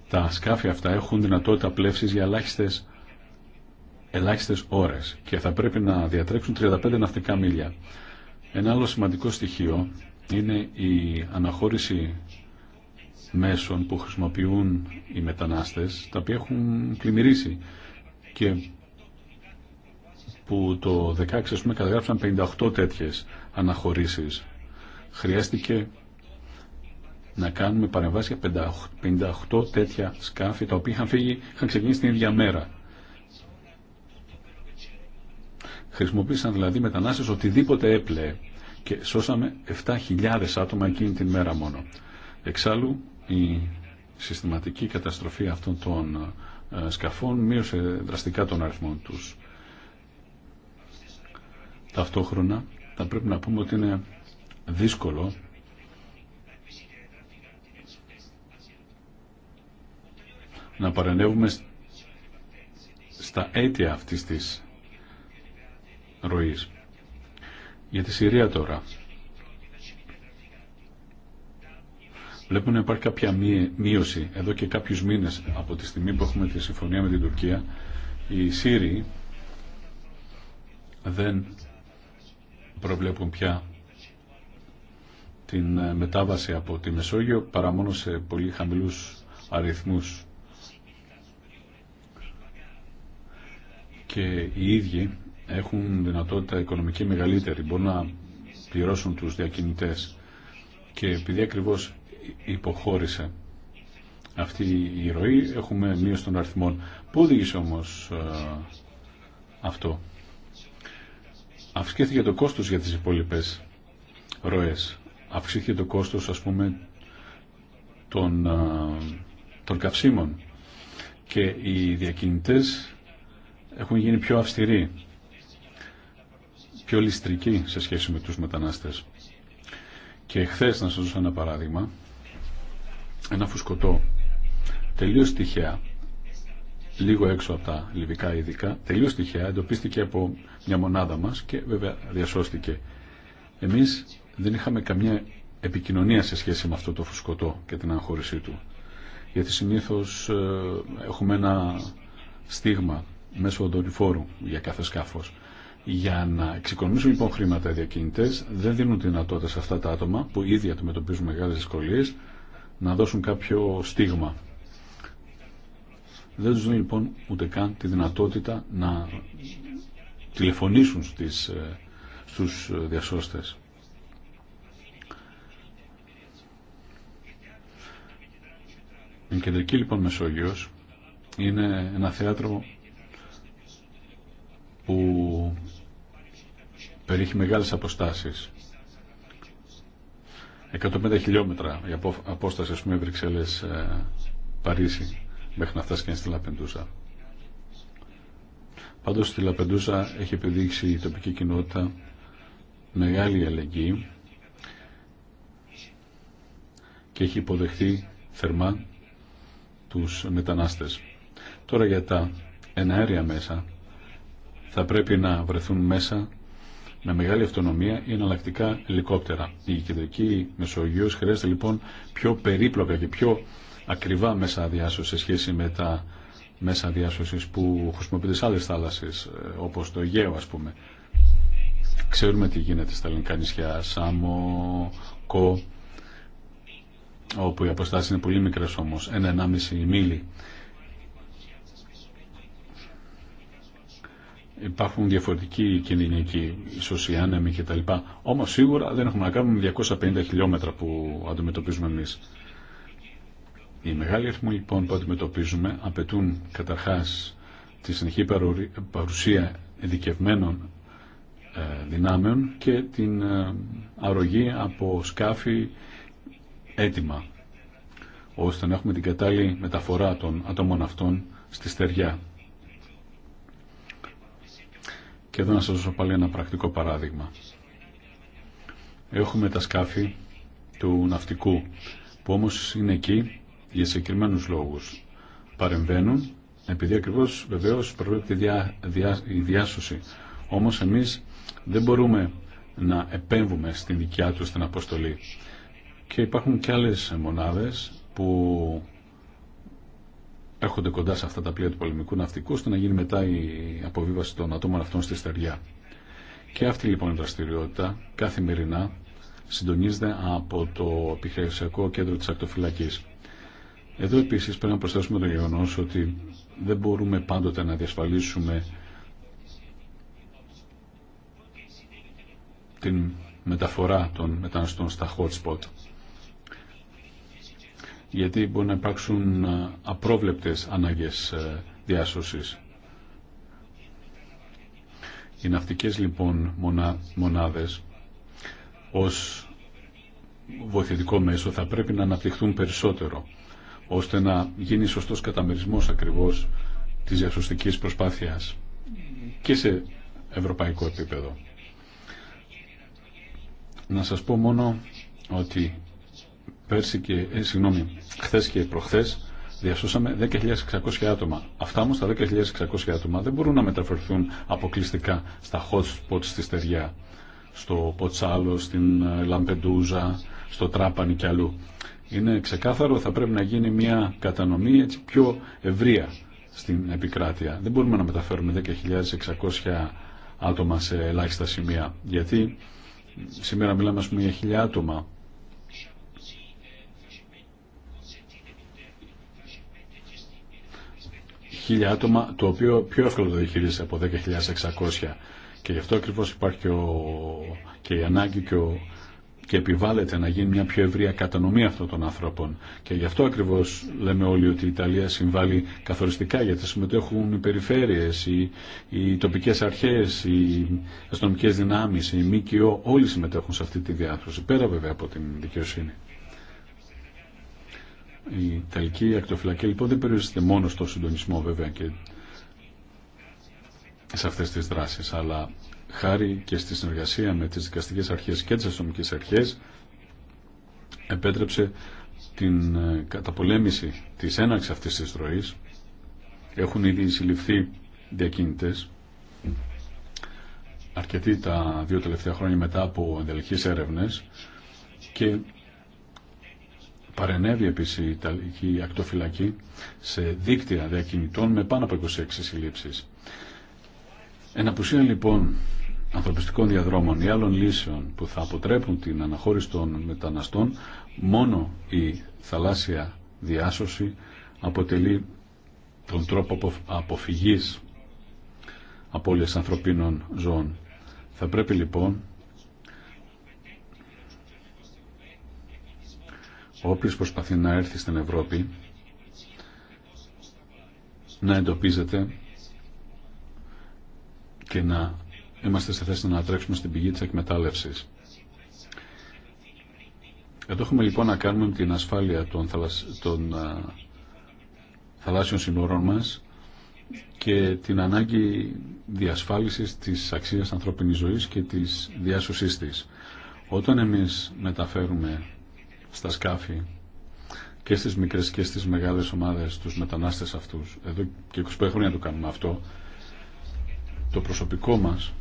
τα σκάφη αυτά έχουν δυνατότητα πλεύσης για ελάχιστες, ελάχιστες ώρες και θα πρέπει να διατρέξουν 35 ναυτικά μίλια. Ένα άλλο σημαντικό στοιχείο είναι η αναχώρηση μέσων που χρησιμοποιούν οι μετανάστες, τα οποία έχουν πλημμυρίσει και που το 16 ας πούμε, καταγράψαν 58 τέτοιες αναχωρήσεις. Χρειάστηκε να κάνουμε παρεμβάσει 58 τέτοια σκάφη τα οποία είχαν, φύγει, είχαν ξεκινήσει την ίδια μέρα. Χρησιμοποίησαν δηλαδή μετανάστες οτιδήποτε έπλεε και σώσαμε 7.000 άτομα εκείνη την μέρα μόνο. Εξάλλου η συστηματική καταστροφή αυτών των ε, σκαφών μείωσε δραστικά τον αριθμό τους. Ταυτόχρονα θα πρέπει να πούμε ότι είναι δύσκολο να παρενέβουμε στα αίτια αυτής της ροής. Για τη Συρία τώρα. Βλέπουμε να υπάρχει κάποια μείωση εδώ και κάποιους μήνες από τη στιγμή που έχουμε τη συμφωνία με την Τουρκία. Οι Σύριοι δεν προβλέπουν πια την ε, μετάβαση από τη Μεσόγειο παρά μόνο σε πολύ χαμηλούς αριθμούς. Και οι ίδιοι έχουν δυνατότητα οικονομική μεγαλύτερη, μπορούν να πληρώσουν τους διακινητές. Και επειδή ακριβώς υποχώρησε αυτή η ροή. Έχουμε μείωση των αριθμών. Πού οδήγησε όμως ε, αυτό. Αυξήθηκε το κόστος για τις υπόλοιπες ροές. Αυξήθηκε το κόστος ας πούμε των, ε, των καυσίμων και οι διακινητές έχουν γίνει πιο αυστηροί, πιο ληστρικοί σε σχέση με τους μετανάστες. Και χθε να σας δώσω ένα παράδειγμα, ένα φουσκωτό τελείως τυχαία λίγο έξω από τα λιβικά ειδικά τελείως τυχαία εντοπίστηκε από μια μονάδα μας και βέβαια διασώστηκε εμείς δεν είχαμε καμία επικοινωνία σε σχέση με αυτό το φουσκωτό και την αγχώρησή του γιατί συνήθως ε, έχουμε ένα στίγμα μέσω δορυφόρου για κάθε σκάφος για να εξοικονομήσουν λοιπόν χρήματα οι διακινητέ, δεν δίνουν δυνατότητα σε αυτά τα άτομα που ήδη αντιμετωπίζουν μεγάλε δυσκολίε να δώσουν κάποιο στίγμα. Δεν τους δίνει λοιπόν ούτε καν τη δυνατότητα να τηλεφωνήσουν στις, ε, στους ε, διασώστες. Η κεντρική λοιπόν Μεσόγειος είναι ένα θέατρο που περιέχει μεγάλες αποστάσεις 150 χιλιόμετρα η απόσταση, ας πούμε, Βρυξέλλες, ε, Παρίσι, μέχρι να φτάσει και στη Λαπεντούσα. Πάντως στη Λαπεντούσα έχει επιδείξει η τοπική κοινότητα μεγάλη αλληλεγγύη και έχει υποδεχθεί θερμά τους μετανάστες. Τώρα για τα εναέρια μέσα θα πρέπει να βρεθούν μέσα με μεγάλη αυτονομία ή εναλλακτικά ελικόπτερα. Η κεντρική Μεσογείο χρειάζεται λοιπόν πιο περίπλοκα και πιο ακριβά μέσα διάσωση σε σχέση με τα μέσα διάσωση που χρησιμοποιούνται σε άλλε θάλασσε, ε, όπω το Αιγαίο α πούμε. Ξέρουμε τι γίνεται στα ελληνικά νησιά, Σάμο, Κο, όπου οι αποστάσει είναι πολύ μικρέ 1-1,5 μίλι. υπάρχουν διαφορετικοί κινδυνοί εκεί, ίσως οι άνεμοι κτλ. Όμως σίγουρα δεν έχουμε να κάνουμε 250 χιλιόμετρα που αντιμετωπίζουμε εμείς. Οι μεγάλοι αριθμοί λοιπόν που αντιμετωπίζουμε απαιτούν καταρχάς τη συνεχή παρουσία ειδικευμένων ε, δυνάμεων και την ε, αρρωγή από σκάφη έτοιμα ώστε να έχουμε την κατάλληλη μεταφορά των ατόμων αυτών στη στεριά. Και εδώ να σας δώσω πάλι ένα πρακτικό παράδειγμα. Έχουμε τα σκάφη του ναυτικού που όμως είναι εκεί για συγκεκριμένου λόγους. Παρεμβαίνουν επειδή ακριβώς βεβαίως προβλέπει διά, η διάσωση. Όμως εμείς δεν μπορούμε να επέμβουμε στην δικιά του την αποστολή. Και υπάρχουν και άλλες μονάδες που έρχονται κοντά σε αυτά τα πλοία του πολεμικού ναυτικού, ώστε να γίνει μετά η αποβίβαση των ατόμων αυτών στη στεριά. Και αυτή λοιπόν η δραστηριότητα καθημερινά συντονίζεται από το επιχειρησιακό κέντρο τη ακτοφυλακή. Εδώ επίση πρέπει να προσθέσουμε το γεγονό ότι δεν μπορούμε πάντοτε να διασφαλίσουμε την μεταφορά των μεταναστών στα hot spot γιατί μπορεί να υπάρξουν ε, απρόβλεπτες ανάγκες ε, διάσωσης. Οι ναυτικές λοιπόν μονάδες ως βοηθητικό μέσο θα πρέπει να αναπτυχθούν περισσότερο ώστε να γίνει σωστός καταμερισμός ακριβώς της διασωστικής προσπάθειας και σε ευρωπαϊκό επίπεδο. Να σας πω μόνο ότι Πέρσι και, ε, συγγνώμη, χθες και προχθές διασώσαμε 10.600 άτομα. Αυτά όμως τα 10.600 άτομα δεν μπορούν να μεταφερθούν αποκλειστικά στα hot spots στη Στεριά, στο Ποτσάλο, στην ε, Λαμπεντούζα, στο Τράπανη και αλλού. Είναι ξεκάθαρο, θα πρέπει να γίνει μια κατανομή έτσι πιο ευρεία στην επικράτεια. Δεν μπορούμε να μεταφέρουμε 10.600 άτομα σε ελάχιστα σημεία, γιατί σήμερα μιλάμε ας πούμε για 1.000 άτομα χίλια άτομα, το οποίο πιο εύκολο το διαχειρίζεται από 10.600. Και γι' αυτό ακριβώς υπάρχει και, ο, και η ανάγκη και, ο, και επιβάλλεται να γίνει μια πιο ευρεία κατανομή αυτών των ανθρώπων. Και γι' αυτό ακριβώς λέμε όλοι ότι η Ιταλία συμβάλλει καθοριστικά, γιατί συμμετέχουν οι περιφέρειες, οι, οι τοπικές αρχές, οι αστυνομικές δυνάμεις, οι ΜΚΟ, όλοι συμμετέχουν σε αυτή τη διάθρωση, πέρα βέβαια από την δικαιοσύνη. Η Ιταλική ακτοφυλακή λοιπόν δεν περιορίζεται μόνο στο συντονισμό βέβαια και σε αυτές τις δράσεις, αλλά χάρη και στη συνεργασία με τις δικαστικές αρχές και τις αστυνομικές αρχές επέτρεψε την ε, καταπολέμηση της έναρξης αυτής της ροής. Έχουν ήδη συλληφθεί διακίνητες αρκετοί τα δύο τελευταία χρόνια μετά από εντελεχείς έρευνες και Παρενέβη επίση η Ιταλική ακτοφυλακή σε δίκτυα διακινητών με πάνω από 26 συλλήψεις. Εν απουσία λοιπόν ανθρωπιστικών διαδρόμων ή άλλων λύσεων που θα αποτρέπουν την αναχώρηση των μεταναστών, μόνο η θαλάσσια διάσωση αποτελεί τον τρόπο αποφυγής απώλειας ανθρωπίνων ζώων. Θα πρέπει λοιπόν όποιο προσπαθεί να έρθει στην Ευρώπη να εντοπίζεται και να είμαστε σε θέση να τρέξουμε στην πηγή της εκμετάλλευσης. Εδώ έχουμε λοιπόν να κάνουμε την ασφάλεια των, των θαλάσσιων συνόρων μας και την ανάγκη διασφάλισης της αξίας ανθρώπινης ζωής και της διάσωσής της. Όταν εμείς μεταφέρουμε στα σκάφη και στις μικρές και στις μεγάλες ομάδες τους μετανάστες αυτούς. Εδώ και 25 χρόνια το κάνουμε αυτό. Το προσωπικό μας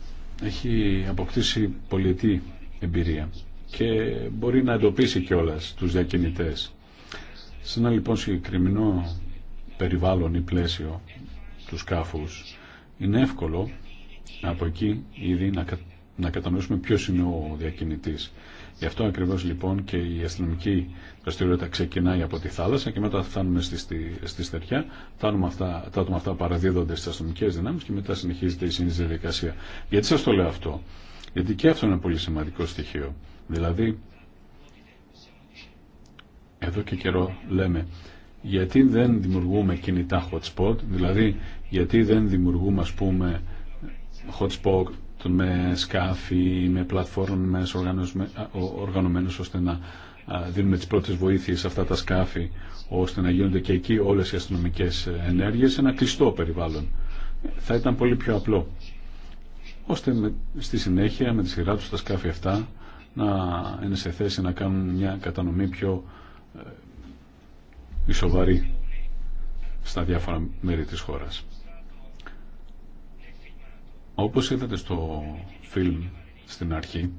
έχει αποκτήσει πολιτή εμπειρία και μπορεί να εντοπίσει κιόλα τους διακινητές. Σε ένα λοιπόν συγκεκριμένο περιβάλλον ή πλαίσιο του σκάφους είναι εύκολο από εκεί ήδη να, να κατανοήσουμε ποιος είναι ο διακινητής. Γι' αυτό ακριβώ λοιπόν και η αστυνομική δραστηριότητα ξεκινάει από τη θάλασσα και μετά φτάνουμε στη, στη, στεριά, φτάνουμε αυτά, τα άτομα αυτά παραδίδονται στι αστυνομικέ δυνάμεις και μετά συνεχίζεται η συνήθεια διαδικασία. Γιατί σα το λέω αυτό. Γιατί και αυτό είναι ένα πολύ σημαντικό στοιχείο. Δηλαδή, εδώ και καιρό λέμε, γιατί δεν δημιουργούμε κινητά hot spot, δηλαδή γιατί δεν δημιουργούμε ας πούμε hot spot με σκάφη, με πλατφόρμες οργανωμένες ώστε να δίνουμε τις πρώτες βοήθειες σε αυτά τα σκάφη ώστε να γίνονται και εκεί όλες οι αστυνομικές ε, ενέργειες σε ένα κλειστό περιβάλλον. Θα ήταν πολύ πιο απλό ώστε με, στη συνέχεια με τη σειρά τους τα σκάφη αυτά να είναι σε θέση να κάνουν μια κατανομή πιο ε, ισοβαρή στα διάφορα μέρη της χώρας. Όπως είδατε στο φιλμ στην αρχή,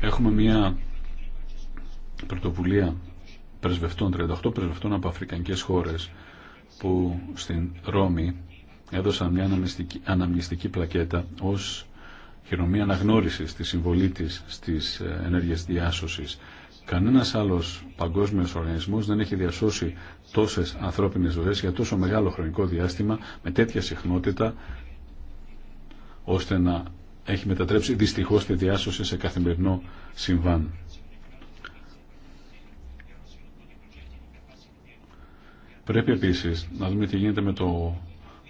έχουμε μια πρωτοβουλία πρεσβευτών, 38 πρεσβευτών από αφρικανικές χώρες που στην Ρώμη έδωσαν μια αναμνηστική, αναμνηστική πλακέτα ως χειρονομία αναγνώρισης της συμβολή της στις ε, ενέργειες διάσωσης Κανένας άλλος παγκόσμιος οργανισμός δεν έχει διασώσει τόσες ανθρώπινες ζωές για τόσο μεγάλο χρονικό διάστημα με τέτοια συχνότητα ώστε να έχει μετατρέψει δυστυχώς τη διάσωση σε καθημερινό συμβάν. Πρέπει επίσης να δούμε τι γίνεται με το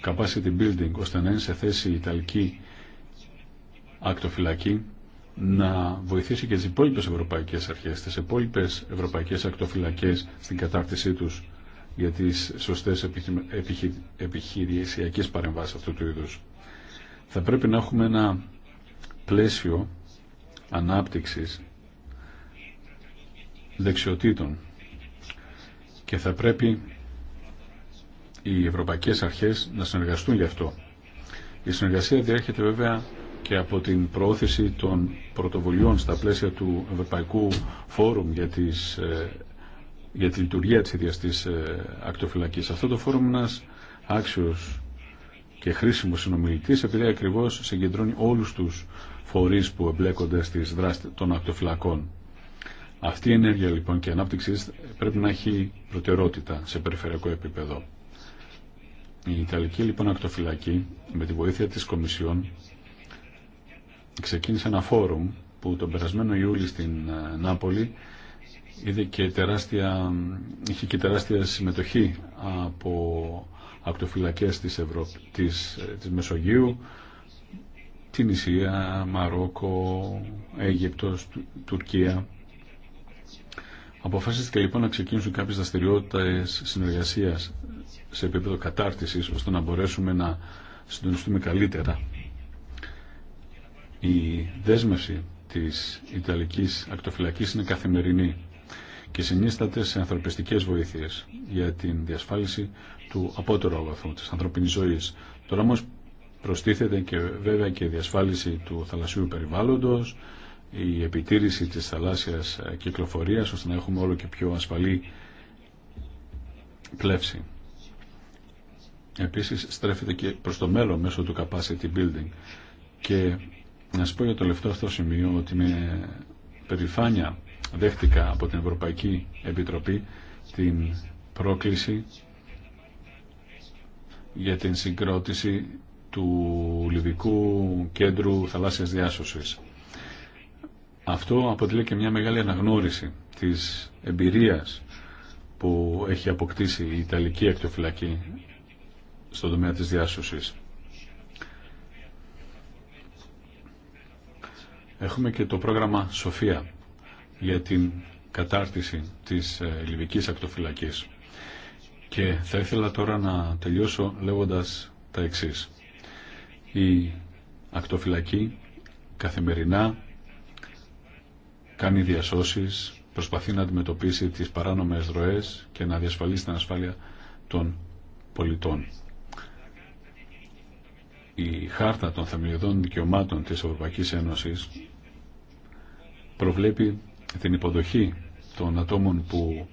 capacity building ώστε να είναι σε θέση η Ιταλική ακτοφυλακή να βοηθήσει και τις υπόλοιπες ευρωπαϊκές αρχές, τις υπόλοιπες ευρωπαϊκές ακτοφυλακές στην κατάρτισή τους για τις σωστές επιχειρησιακέ επιχειρησιακές αυτού του είδους. Θα πρέπει να έχουμε ένα πλαίσιο ανάπτυξης δεξιοτήτων και θα πρέπει οι ευρωπαϊκές αρχές να συνεργαστούν γι' αυτό. Η συνεργασία διέρχεται βέβαια και από την προώθηση των πρωτοβουλειών στα πλαίσια του Ευρωπαϊκού Φόρουμ για, τις, ε, για τη λειτουργία της ίδιας της ε, ακτοφυλακής. Αυτό το φόρουμ είναι ένας άξιος και χρήσιμο συνομιλητή, επειδή ακριβώ συγκεντρώνει όλου του φορεί που εμπλέκονται στι δράσει των ακτοφυλακών. Αυτή η ενέργεια λοιπόν και η ανάπτυξη πρέπει να έχει προτεραιότητα σε περιφερειακό επίπεδο. Η Ιταλική λοιπόν ακτοφυλακή με τη βοήθεια της Κομισιόν ξεκίνησε ένα φόρουμ που τον περασμένο Ιούλη στην ε, Νάπολη είδε και τεράστια, είχε και τεράστια συμμετοχή από ακτοφυλακές της, Ευρώπη, της, ε, της Μεσογείου, την Ισία, Μαρόκο, Αίγυπτος, Τουρκία. Αποφάσιστηκε λοιπόν να ξεκινήσουν κάποιες δραστηριότητε συνεργασίας σε επίπεδο κατάρτισης, ώστε να μπορέσουμε να συντονιστούμε καλύτερα η δέσμευση της Ιταλικής ακτοφυλακής είναι καθημερινή και συνίσταται σε ανθρωπιστικές βοήθειες για την διασφάλιση του απότερου αγαθού της ανθρωπινής ζωής. Τώρα όμως προστίθεται και βέβαια και η διασφάλιση του θαλασσίου περιβάλλοντος, η επιτήρηση της θαλάσσιας κυκλοφορίας ώστε να έχουμε όλο και πιο ασφαλή πλεύση. Επίσης στρέφεται και προς το μέλλον μέσω του capacity building και να σα πω για το λεφτό αυτό σημείο ότι με περηφάνεια δέχτηκα από την Ευρωπαϊκή Επιτροπή την πρόκληση για την συγκρότηση του Λιβικού Κέντρου Θαλάσσιας Διάσωσης. Αυτό αποτελεί και μια μεγάλη αναγνώριση της εμπειρίας που έχει αποκτήσει η Ιταλική Ακτιοφυλακή στον τομέα της διάσωσης. Έχουμε και το πρόγραμμα Σοφία για την κατάρτιση της ε, λιβικής ακτοφυλακής. Και θα ήθελα τώρα να τελειώσω λέγοντας τα εξής. Η ακτοφυλακή καθημερινά κάνει διασώσεις, προσπαθεί να αντιμετωπίσει τις παράνομες ροές και να διασφαλίσει την ασφάλεια των πολιτών η χάρτα των θεμελιωδών δικαιωμάτων της Ευρωπαϊκής Ένωσης προβλέπει την υποδοχή των ατόμων που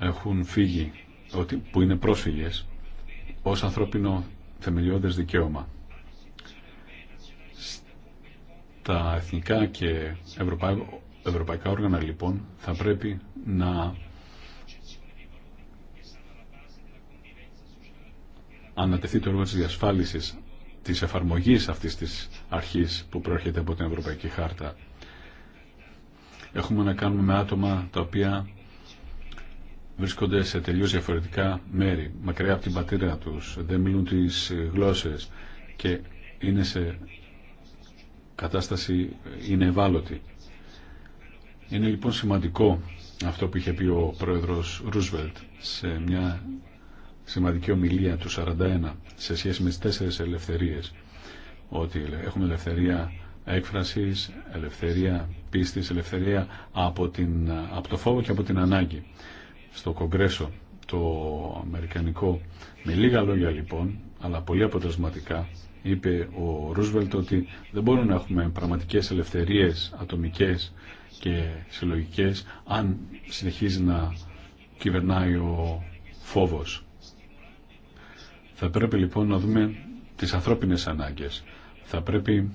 έχουν φύγει, ότι, που είναι πρόσφυγες, ως ανθρώπινο θεμελιώδες δικαίωμα. Τα εθνικά και ευρωπαϊκά όργανα λοιπόν θα πρέπει να ανατεθεί το έργο της διασφάλισης της εφαρμογής αυτής της αρχής που προέρχεται από την Ευρωπαϊκή Χάρτα. Έχουμε να κάνουμε με άτομα τα οποία βρίσκονται σε τελείως διαφορετικά μέρη, μακριά από την πατρίδα τους, δεν μιλούν τις γλώσσες και είναι σε κατάσταση, είναι ευάλωτη. Είναι λοιπόν σημαντικό αυτό που είχε πει ο πρόεδρος Ρούσβελτ σε μια σημαντική ομιλία του 41 σε σχέση με τις τέσσερις ελευθερίες ότι έχουμε ελευθερία έκφρασης, ελευθερία πίστης, ελευθερία από, την, από το φόβο και από την ανάγκη. Στο Κογκρέσο το Αμερικανικό με λίγα λόγια λοιπόν αλλά πολύ αποτελεσματικά είπε ο Ρούσβελτ ότι δεν μπορούμε να έχουμε πραγματικές ελευθερίες ατομικές και συλλογικές αν συνεχίζει να κυβερνάει ο φόβος. Θα πρέπει λοιπόν να δούμε τις ανθρώπινες ανάγκες. Θα πρέπει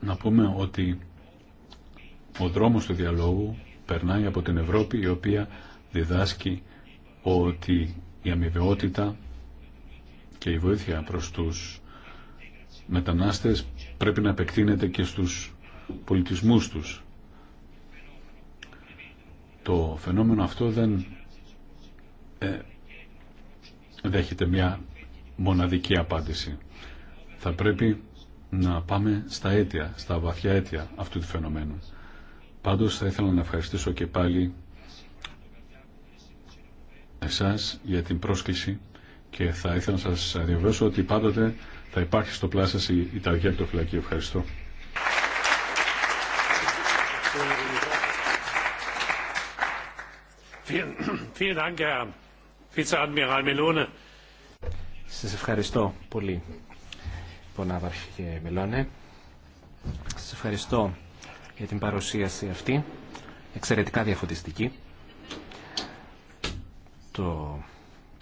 να πούμε ότι ο δρόμος του διαλόγου περνάει από την Ευρώπη η οποία διδάσκει ότι η αμοιβαιότητα και η βοήθεια προς τους μετανάστες πρέπει να επεκτείνεται και στους πολιτισμούς τους. Το φαινόμενο αυτό δεν ε, δέχεται μια μοναδική απάντηση. Θα πρέπει να πάμε στα αίτια, στα βαθιά αίτια αυτού του φαινομένου. Πάντως θα ήθελα να ευχαριστήσω και πάλι εσάς για την πρόσκληση και θα ήθελα να σας διαβεβαιώσω ότι πάντοτε θα υπάρχει στο πλάι σας η του Ακτοφυλακή. Ευχαριστώ. Vielen Dank, σας ευχαριστώ πολύ, και Μελώνε. Σα ευχαριστώ για την παρουσίαση αυτή, εξαιρετικά διαφωτιστική. Το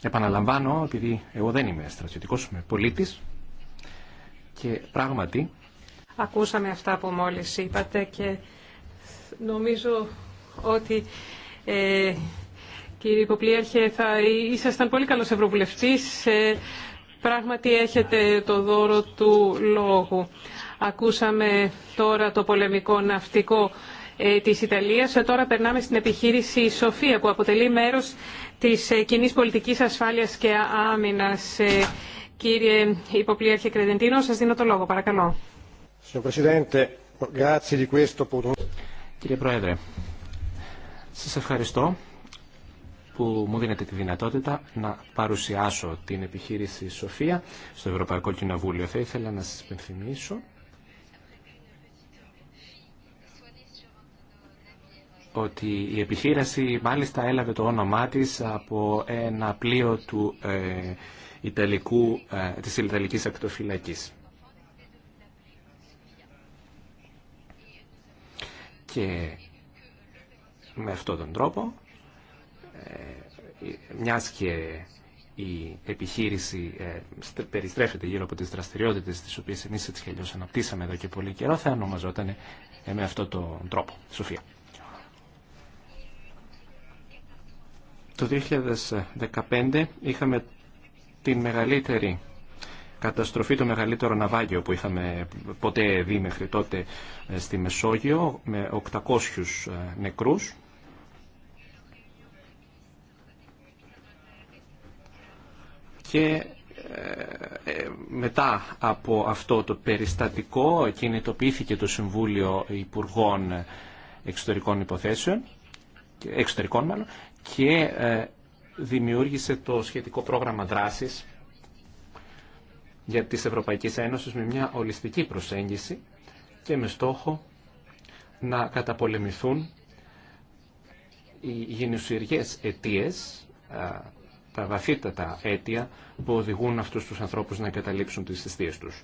επαναλαμβάνω, επειδή εγώ δεν είμαι στρατιωτικός, είμαι πολίτη και πράγματι... Ακούσαμε αυτά που μόλις είπατε και νομίζω ότι... Ε, Κύριε Υποπλήρχε, θα ήσασταν πολύ καλός ευρωβουλευτής. Ε, πράγματι έχετε το δώρο του λόγου. Ακούσαμε τώρα το πολεμικό ναυτικό ε, της Ιταλίας. Ε, τώρα περνάμε στην επιχείρηση Σοφία που αποτελεί μέρος της κοινής πολιτικής ασφάλειας και άμυνας. Κύριε Υποπλήρχε Κρεδεντίνο, σας δίνω το λόγο. Παρακαλώ. Κύριε Πρόεδρε, σας ευχαριστώ που μου δίνεται τη δυνατότητα να παρουσιάσω την επιχείρηση Σοφία στο Ευρωπαϊκό Κοινοβούλιο. Θα ήθελα να σας υπενθυμίσω ότι η επιχείρηση μάλιστα έλαβε το όνομά της από ένα πλοίο του, ε, Ιταλικού, ε, της Ιταλικής Ακτοφυλακής. Και με αυτόν τον τρόπο ε, μιας και η επιχείρηση ε, περιστρέφεται γύρω από τις δραστηριότητες τις οποίες εμείς έτσι και αναπτύσσαμε εδώ και πολύ καιρό θα ονομαζόταν ε, με αυτόν τον τρόπο. Σοφία. Το 2015 είχαμε την μεγαλύτερη καταστροφή, το μεγαλύτερο ναυάγιο που είχαμε ποτέ δει μέχρι τότε στη Μεσόγειο με 800 νεκρούς και ε, ε, μετά από αυτό το περιστατικό κινητοποιήθηκε το Συμβούλιο Υπουργών Εξωτερικών Υποθέσεων εξωτερικών και ε, δημιούργησε το σχετικό πρόγραμμα δράσης για τις Ευρωπαϊκές Ένωσης με μια ολιστική προσέγγιση και με στόχο να καταπολεμηθούν οι γενουσιεργές αιτίες τα βαθύτατα αίτια που οδηγούν αυτούς τους ανθρώπους να καταλήξουν τις αιστείες τους.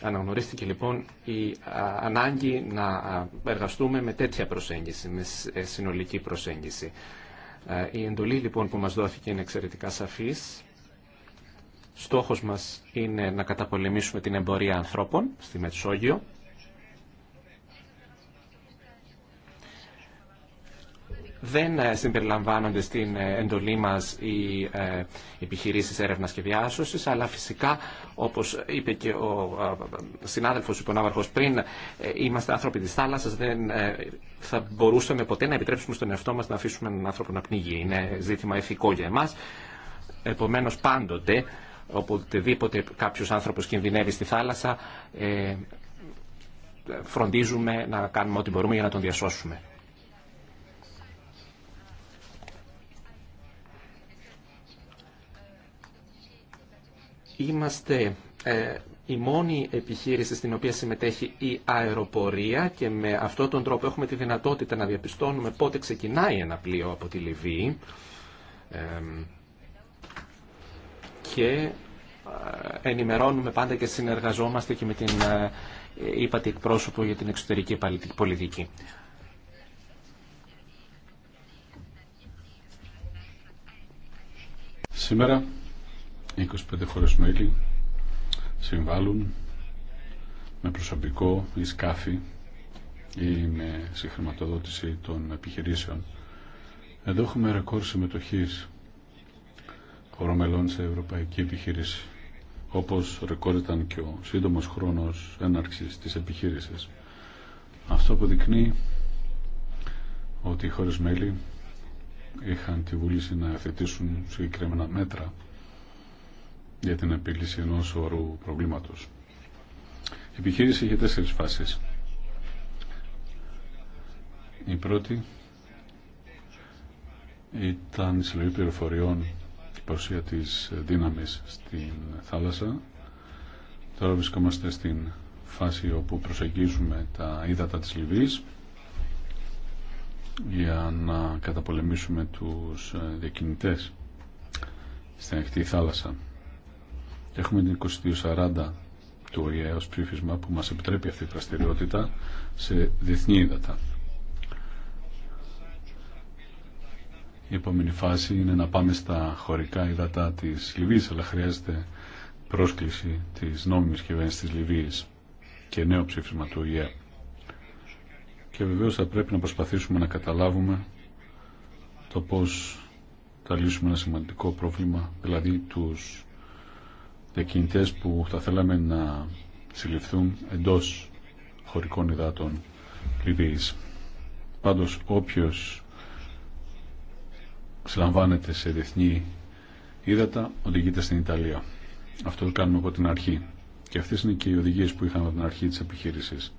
Αναγνωρίστηκε λοιπόν η ανάγκη να εργαστούμε με τέτοια προσέγγιση, με ε, συνολική προσέγγιση. Ε, η εντολή λοιπόν που μας δόθηκε είναι εξαιρετικά σαφής. Στόχος μας είναι να καταπολεμήσουμε την εμπορία ανθρώπων στη Μετσόγειο δεν ε, συμπεριλαμβάνονται στην ε, εντολή μας οι ε, επιχειρήσεις έρευνας και διάσωσης, αλλά φυσικά, όπως είπε και ο συνάδελφος υπονάβαρχος πριν, είμαστε άνθρωποι της θάλασσας, δεν θα μπορούσαμε ποτέ να επιτρέψουμε στον εαυτό μας να αφήσουμε έναν άνθρωπο να πνίγει. Είναι ζήτημα ηθικό για εμάς. Επομένως πάντοτε, οποτεδήποτε κάποιος άνθρωπος κινδυνεύει στη θάλασσα, φροντίζουμε να κάνουμε ό,τι μπορούμε για να τον διασώσουμε. Είμαστε ε, η μόνη επιχείρηση στην οποία συμμετέχει η αεροπορία και με αυτόν τον τρόπο έχουμε τη δυνατότητα να διαπιστώνουμε πότε ξεκινάει ένα πλοίο από τη Λιβύη και ε, ενημερώνουμε πάντα και συνεργαζόμαστε και με την ύπατη ε, εκπρόσωπο για την εξωτερική πολιτική. Σήμερα 25 φορες μέλη συμβάλλουν με προσωπικό ή σκάφη ή με συγχρηματοδότηση των επιχειρήσεων. Εδώ έχουμε ρεκόρ συμμετοχής χωρομελών σε ευρωπαϊκή επιχείρηση, όπως ρεκόρ ήταν και ο σύντομος χρόνος έναρξης της επιχείρησης. Αυτό αποδεικνύει ότι οι χώρες μέλη είχαν τη βούληση να θετήσουν συγκεκριμένα μέτρα για την επίλυση ενό ορού προβλήματο. Η επιχείρηση είχε τέσσερι φάσει. Η πρώτη ήταν η συλλογή πληροφοριών και η παρουσία τη δύναμη στην θάλασσα. Τώρα βρισκόμαστε στην φάση όπου προσεγγίζουμε τα ύδατα της Λιβύης για να καταπολεμήσουμε τους διακινητές στην ανοιχτή θάλασσα. Έχουμε την 2240 του ΟΗΕ ως ψήφισμα που μας επιτρέπει αυτή η δραστηριότητα σε διεθνή ύδατα. Η επόμενη φάση είναι να πάμε στα χωρικά υδατά της Λιβύης, αλλά χρειάζεται πρόσκληση της νόμιμης κυβέρνησης της Λιβύης και νέο ψήφισμα του ΟΗΕ. Και βεβαίως θα πρέπει να προσπαθήσουμε να καταλάβουμε το πώς θα λύσουμε ένα σημαντικό πρόβλημα, δηλαδή τους διακινητές που θα θέλαμε να συλληφθούν εντός χωρικών υδάτων Λιβύης. Πάντως όποιος συλλαμβάνεται σε διεθνή ύδατα οδηγείται στην Ιταλία. Αυτό το κάνουμε από την αρχή. Και αυτές είναι και οι οδηγίες που είχαμε από την αρχή της επιχείρησης.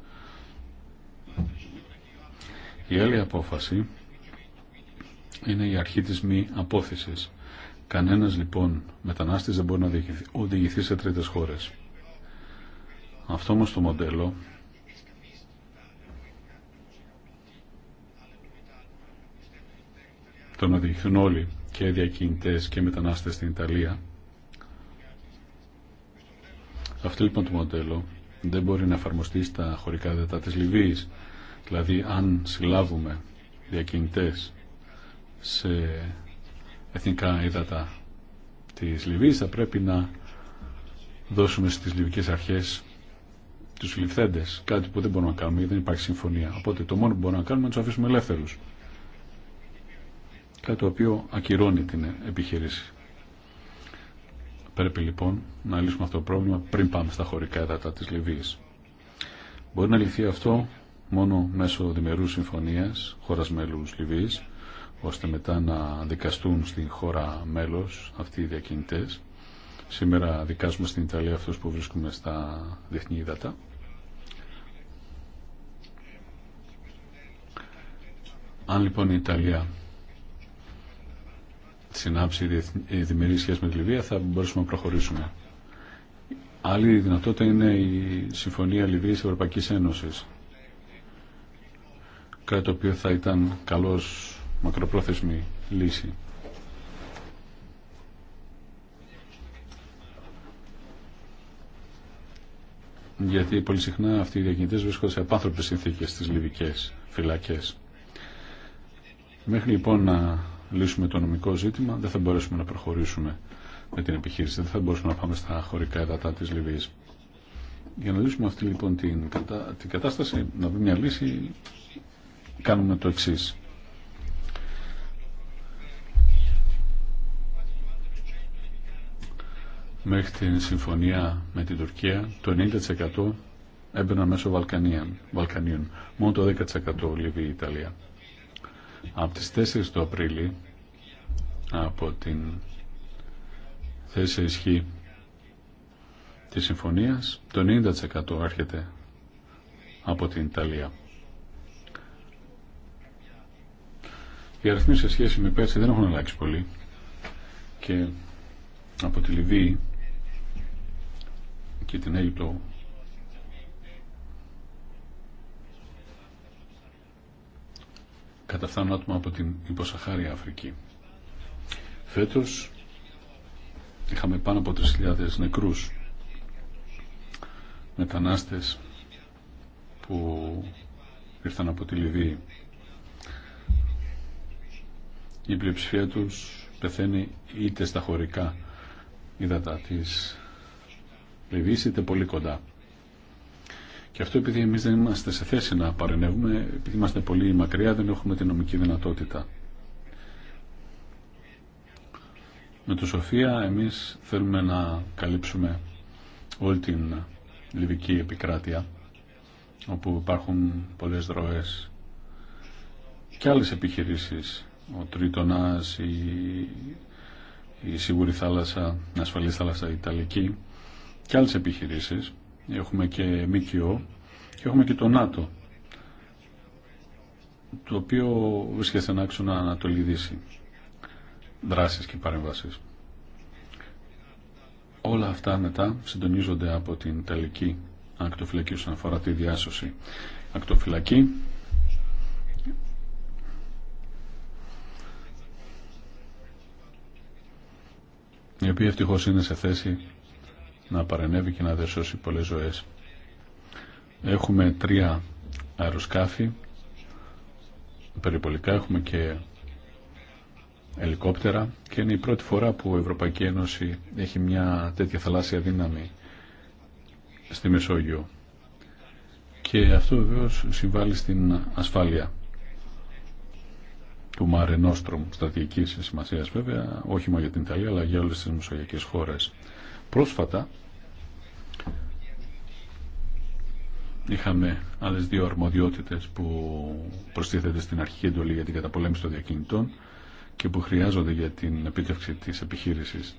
Η άλλη απόφαση είναι η αρχή της μη απόθεσης. Κανένας λοιπόν μετανάστης δεν μπορεί να οδηγηθεί σε τρίτες χώρες. Αυτό όμως το μοντέλο το να οδηγηθούν όλοι και διακινητές και μετανάστες στην Ιταλία αυτό λοιπόν το μοντέλο δεν μπορεί να εφαρμοστεί στα χωρικά δετά της Λιβύης δηλαδή αν συλλάβουμε διακινητές σε εθνικά ύδατα της Λιβύης θα πρέπει να δώσουμε στις λιβικές αρχές τους λιφθέντες κάτι που δεν μπορούμε να κάνουμε γιατί δεν υπάρχει συμφωνία οπότε το μόνο που μπορούμε να κάνουμε είναι να τους αφήσουμε ελεύθερους κάτι το οποίο ακυρώνει την επιχείρηση πρέπει λοιπόν να λύσουμε αυτό το πρόβλημα πριν πάμε στα χωρικά ύδατα της Λιβύης μπορεί να λυθεί αυτό μόνο μέσω διμερούς συμφωνίας χώρας μέλους Λιβύης ώστε μετά να δικαστούν στην χώρα μέλος αυτοί οι διακινητές. Σήμερα δικάζουμε στην Ιταλία αυτούς που βρίσκουμε στα διεθνή ύδατα. Αν λοιπόν η Ιταλία συνάψει διμερή σχέση με τη Λιβύα θα μπορούσαμε να προχωρήσουμε. Άλλη δυνατότητα είναι η Συμφωνία Λιβύης Ευρωπαϊκής Ένωσης κάτι το οποίο θα ήταν καλός μακροπρόθεσμη λύση. Γιατί πολύ συχνά αυτοί οι διακινητές βρίσκονται σε απάνθρωπες συνθήκες στις λιβικές φυλακές. Μέχρι λοιπόν να λύσουμε το νομικό ζήτημα δεν θα μπορέσουμε να προχωρήσουμε με την επιχείρηση. Δεν θα μπορούσαμε να πάμε στα χωρικά εδατά της Λιβύης. Για να λύσουμε αυτή λοιπόν την, κατάσταση, να βρούμε μια λύση, κάνουμε το εξής. μέχρι την συμφωνία με την Τουρκία το 90% έμπαιναν μέσω Βαλκανίων. Μόνο το 10% Λιβύη η Ιταλία. Από τις 4 το Απρίλη από την θέση ισχύ της συμφωνίας το 90% έρχεται από την Ιταλία. Οι αριθμοί σε σχέση με πέρσι δεν έχουν αλλάξει πολύ και από τη Λιβύη και την Αίγυπτο καταφθάνουν άτομα από την υποσαχάρια Αφρική. Φέτος είχαμε πάνω από 3.000 νεκρούς μετανάστες που ήρθαν από τη Λιβύη. Η πλειοψηφία τους πεθαίνει είτε στα χωρικά ύδατα της Λιβύης πολύ κοντά. Και αυτό επειδή εμείς δεν είμαστε σε θέση να παρενεύουμε, επειδή είμαστε πολύ μακριά, δεν έχουμε την νομική δυνατότητα. Με το Σοφία εμείς θέλουμε να καλύψουμε όλη την Λιβική επικράτεια, όπου υπάρχουν πολλές δροές και άλλες επιχειρήσεις, ο Τρίτονας, η, η Σίγουρη Θάλασσα, η Ασφαλής Θάλασσα Ιταλική, και άλλες επιχειρήσεις. Έχουμε και ΜΚΟ και έχουμε και το ΝΑΤΟ το οποίο βρίσκεται να άξονα Ανατολή δράσεις και παρεμβάσεις. Όλα αυτά μετά συντονίζονται από την τελική ακτοφυλακή όσον αφορά τη διάσωση. Ακτοφυλακή η οποία ευτυχώ είναι σε θέση να παρενέβει και να δεσώσει πολλές ζωές. Έχουμε τρία αεροσκάφη περιπολικά, έχουμε και ελικόπτερα και είναι η πρώτη φορά που η Ευρωπαϊκή Ένωση έχει μια τέτοια θαλάσσια δύναμη στη Μεσόγειο. Και αυτό βεβαίω συμβάλλει στην ασφάλεια του Μαρενόστρομ, στρατηγική σημασία βέβαια, όχι μόνο για την Ιταλία αλλά για όλε τι μεσογειακέ χώρε. Πρόσφατα είχαμε άλλες δύο αρμοδιότητες που προστίθεται στην αρχική εντολή για την καταπολέμηση των διακινητών και που χρειάζονται για την επίτευξη της επιχείρησης.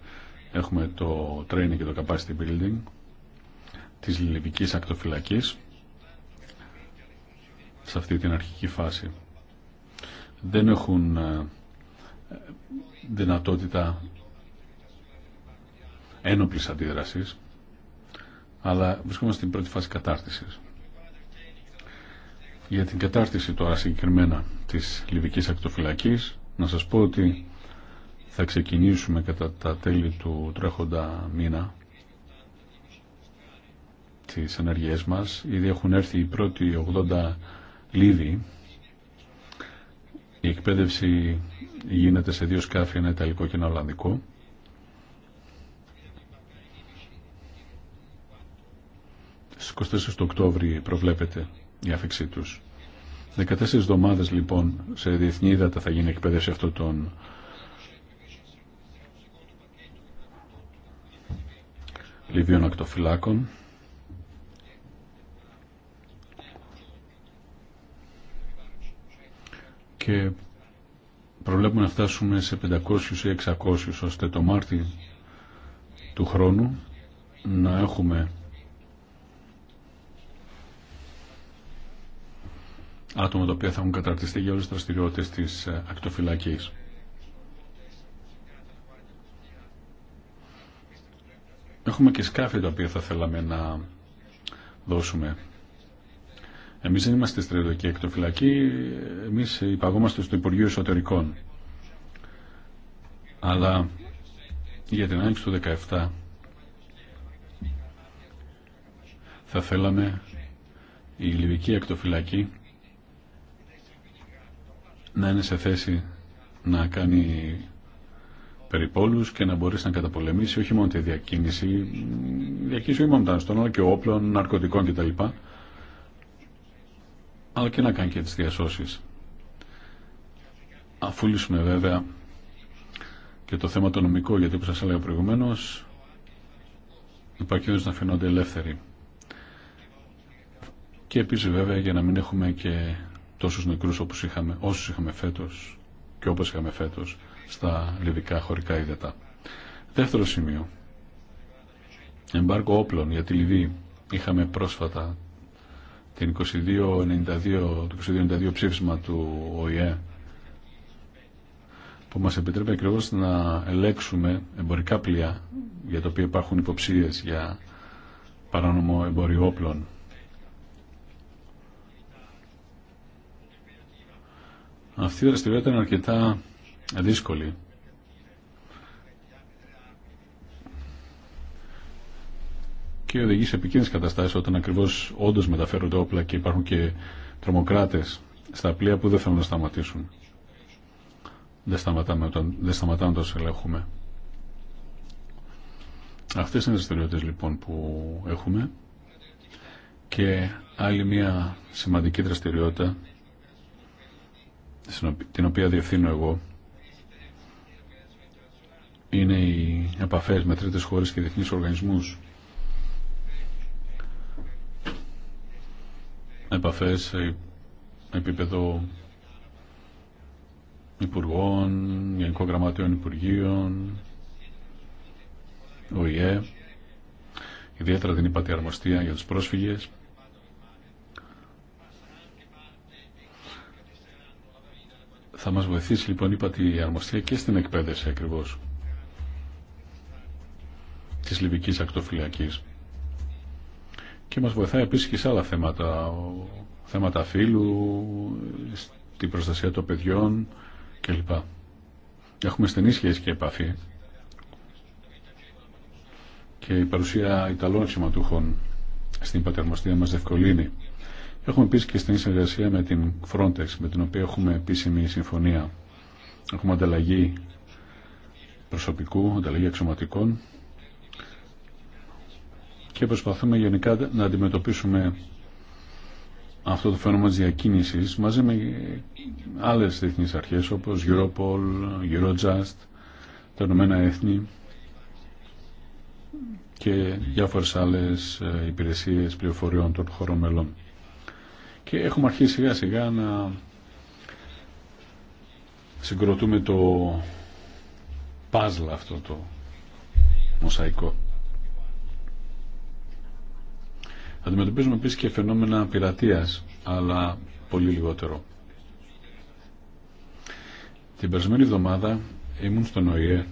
Έχουμε το training και το capacity building της λιβικής ακτοφυλακής σε αυτή την αρχική φάση. Δεν έχουν ε, δυνατότητα ένοπλης αντίδρασης, αλλά βρισκόμαστε στην πρώτη φάση κατάρτισης. Για την κατάρτιση τώρα συγκεκριμένα της Λιβικής Ακτοφυλακής, να σας πω ότι θα ξεκινήσουμε κατά τα τέλη του τρέχοντα μήνα τις ενεργειές μας. Ήδη έχουν έρθει οι πρώτοι 80 Λίβοι. Η εκπαίδευση γίνεται σε δύο σκάφη, ένα Ιταλικό και ένα Ολλανδικό. Στις 24 του Οκτώβρη προβλέπεται η άφηξή τους. 14 εβδομάδε λοιπόν σε διεθνή ύδατα θα γίνει εκπαίδευση αυτών των Λιβύων ακτοφυλάκων. Και προβλέπουμε να φτάσουμε σε 500 ή 600 ώστε το Μάρτι του χρόνου να έχουμε άτομα τα οποία θα έχουν καταρτιστεί για όλες τις δραστηριότητε της ε, ακτοφυλακής. Έχουμε και σκάφη τα οποία θα θέλαμε να δώσουμε. Εμείς δεν είμαστε στρατιωτική ακτοφυλακή, εμείς υπαγόμαστε στο Υπουργείο Εσωτερικών. Αλλά για την άνοιξη του 17 θα θέλαμε η Λιβική ακτοφυλακή να είναι σε θέση να κάνει περιπόλους και να μπορείς να καταπολεμήσει όχι μόνο τη διακίνηση, διακίνηση όχι μόνο μεταναστών, αλλά και όπλων, ναρκωτικών κτλ. Αλλά και να κάνει και τις διασώσεις. Αφού λύσουμε βέβαια και το θέμα το νομικό, γιατί όπως σας έλεγα προηγουμένως, υπάρχει να φαινόνται ελεύθεροι. Και επίσης βέβαια για να μην έχουμε και τόσους νεκρούς όπως είχαμε, όσους είχαμε φέτος και όπως είχαμε φέτος στα λιβικά χωρικά ύδατα. Δεύτερο σημείο. Εμπάρκο όπλων για τη Λιβύη. Είχαμε πρόσφατα την 2292, το 2292 ψήφισμα του ΟΗΕ που μας επιτρέπει ακριβώ να ελέξουμε εμπορικά πλοία για τα οποία υπάρχουν υποψίες για παράνομο εμπόριο όπλων. Αυτή η δραστηριότητα είναι αρκετά δύσκολη. Και οδηγεί σε επικίνδυνε καταστάσει όταν ακριβώ όντω μεταφέρονται όπλα και υπάρχουν και τρομοκράτε στα πλοία που δεν θέλουν να σταματήσουν. Δεν σταματάμε όταν δεν σταματάμε όταν ελέγχουμε. Αυτές είναι οι δραστηριότητες λοιπόν που έχουμε και άλλη μια σημαντική δραστηριότητα την οποία διευθύνω εγώ είναι οι επαφές με τρίτες χώρες και διεθνείς οργανισμούς επαφές σε επίπεδο υπουργών, γενικών γραμματείων υπουργείων, ΟΗΕ, ιδιαίτερα την υπατιαρμοστία για τους πρόσφυγες Θα μας βοηθήσει λοιπόν είπατε η αρμοστία και στην εκπαίδευση ακριβώς της Λιβικής Ακτοφυλακής και μας βοηθάει επίσης και σε άλλα θέματα θέματα φύλου την προστασία των παιδιών κλπ. Έχουμε στενή σχέση και επαφή και η παρουσία Ιταλών αξιωματούχων στην πατερμοστία μας διευκολύνει Έχουμε επίση και στην συνεργασία με την Frontex, με την οποία έχουμε επίσημη συμφωνία. Έχουμε ανταλλαγή προσωπικού, ανταλλαγή αξιωματικών και προσπαθούμε γενικά να αντιμετωπίσουμε αυτό το φαινόμενο της διακίνησης μαζί με άλλες διεθνείς αρχές όπως Europol, Eurojust, τα Ηνωμένα Έθνη και διάφορες άλλες ε, υπηρεσίες πληροφοριών των χωρών μελών και έχουμε αρχίσει σιγά σιγά να συγκροτούμε το παζλ αυτό το μοσαϊκό. Αντιμετωπίζουμε επίση και φαινόμενα πειρατείας, αλλά πολύ λιγότερο. Την περασμένη εβδομάδα ήμουν στον ΟΗΕ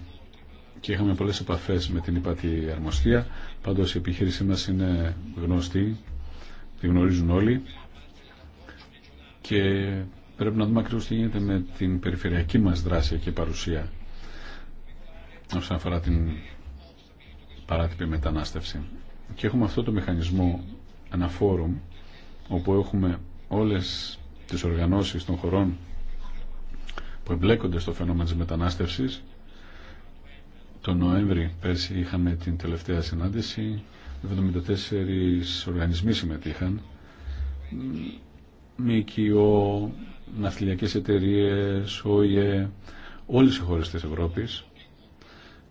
και είχαμε πολλές επαφές με την υπάτη αρμοστία. Πάντως η επιχείρησή μας είναι γνωστή, τη γνωρίζουν όλοι και πρέπει να δούμε ακριβώς τι γίνεται με την περιφερειακή μας δράση και παρουσία όσον αφορά την παράτυπη μετανάστευση. Και έχουμε αυτό το μηχανισμό αναφόρουμ όπου έχουμε όλες τις οργανώσεις των χωρών που εμπλέκονται στο φαινόμενο της μετανάστευσης. Το Νοέμβρη πέρσι είχαμε την τελευταία συνάντηση, 74 οργανισμοί συμμετείχαν ΜΚΟ, ναυτιλιακές εταιρείες, ΟΗΕ, όλες οι χώρες της Ευρώπης.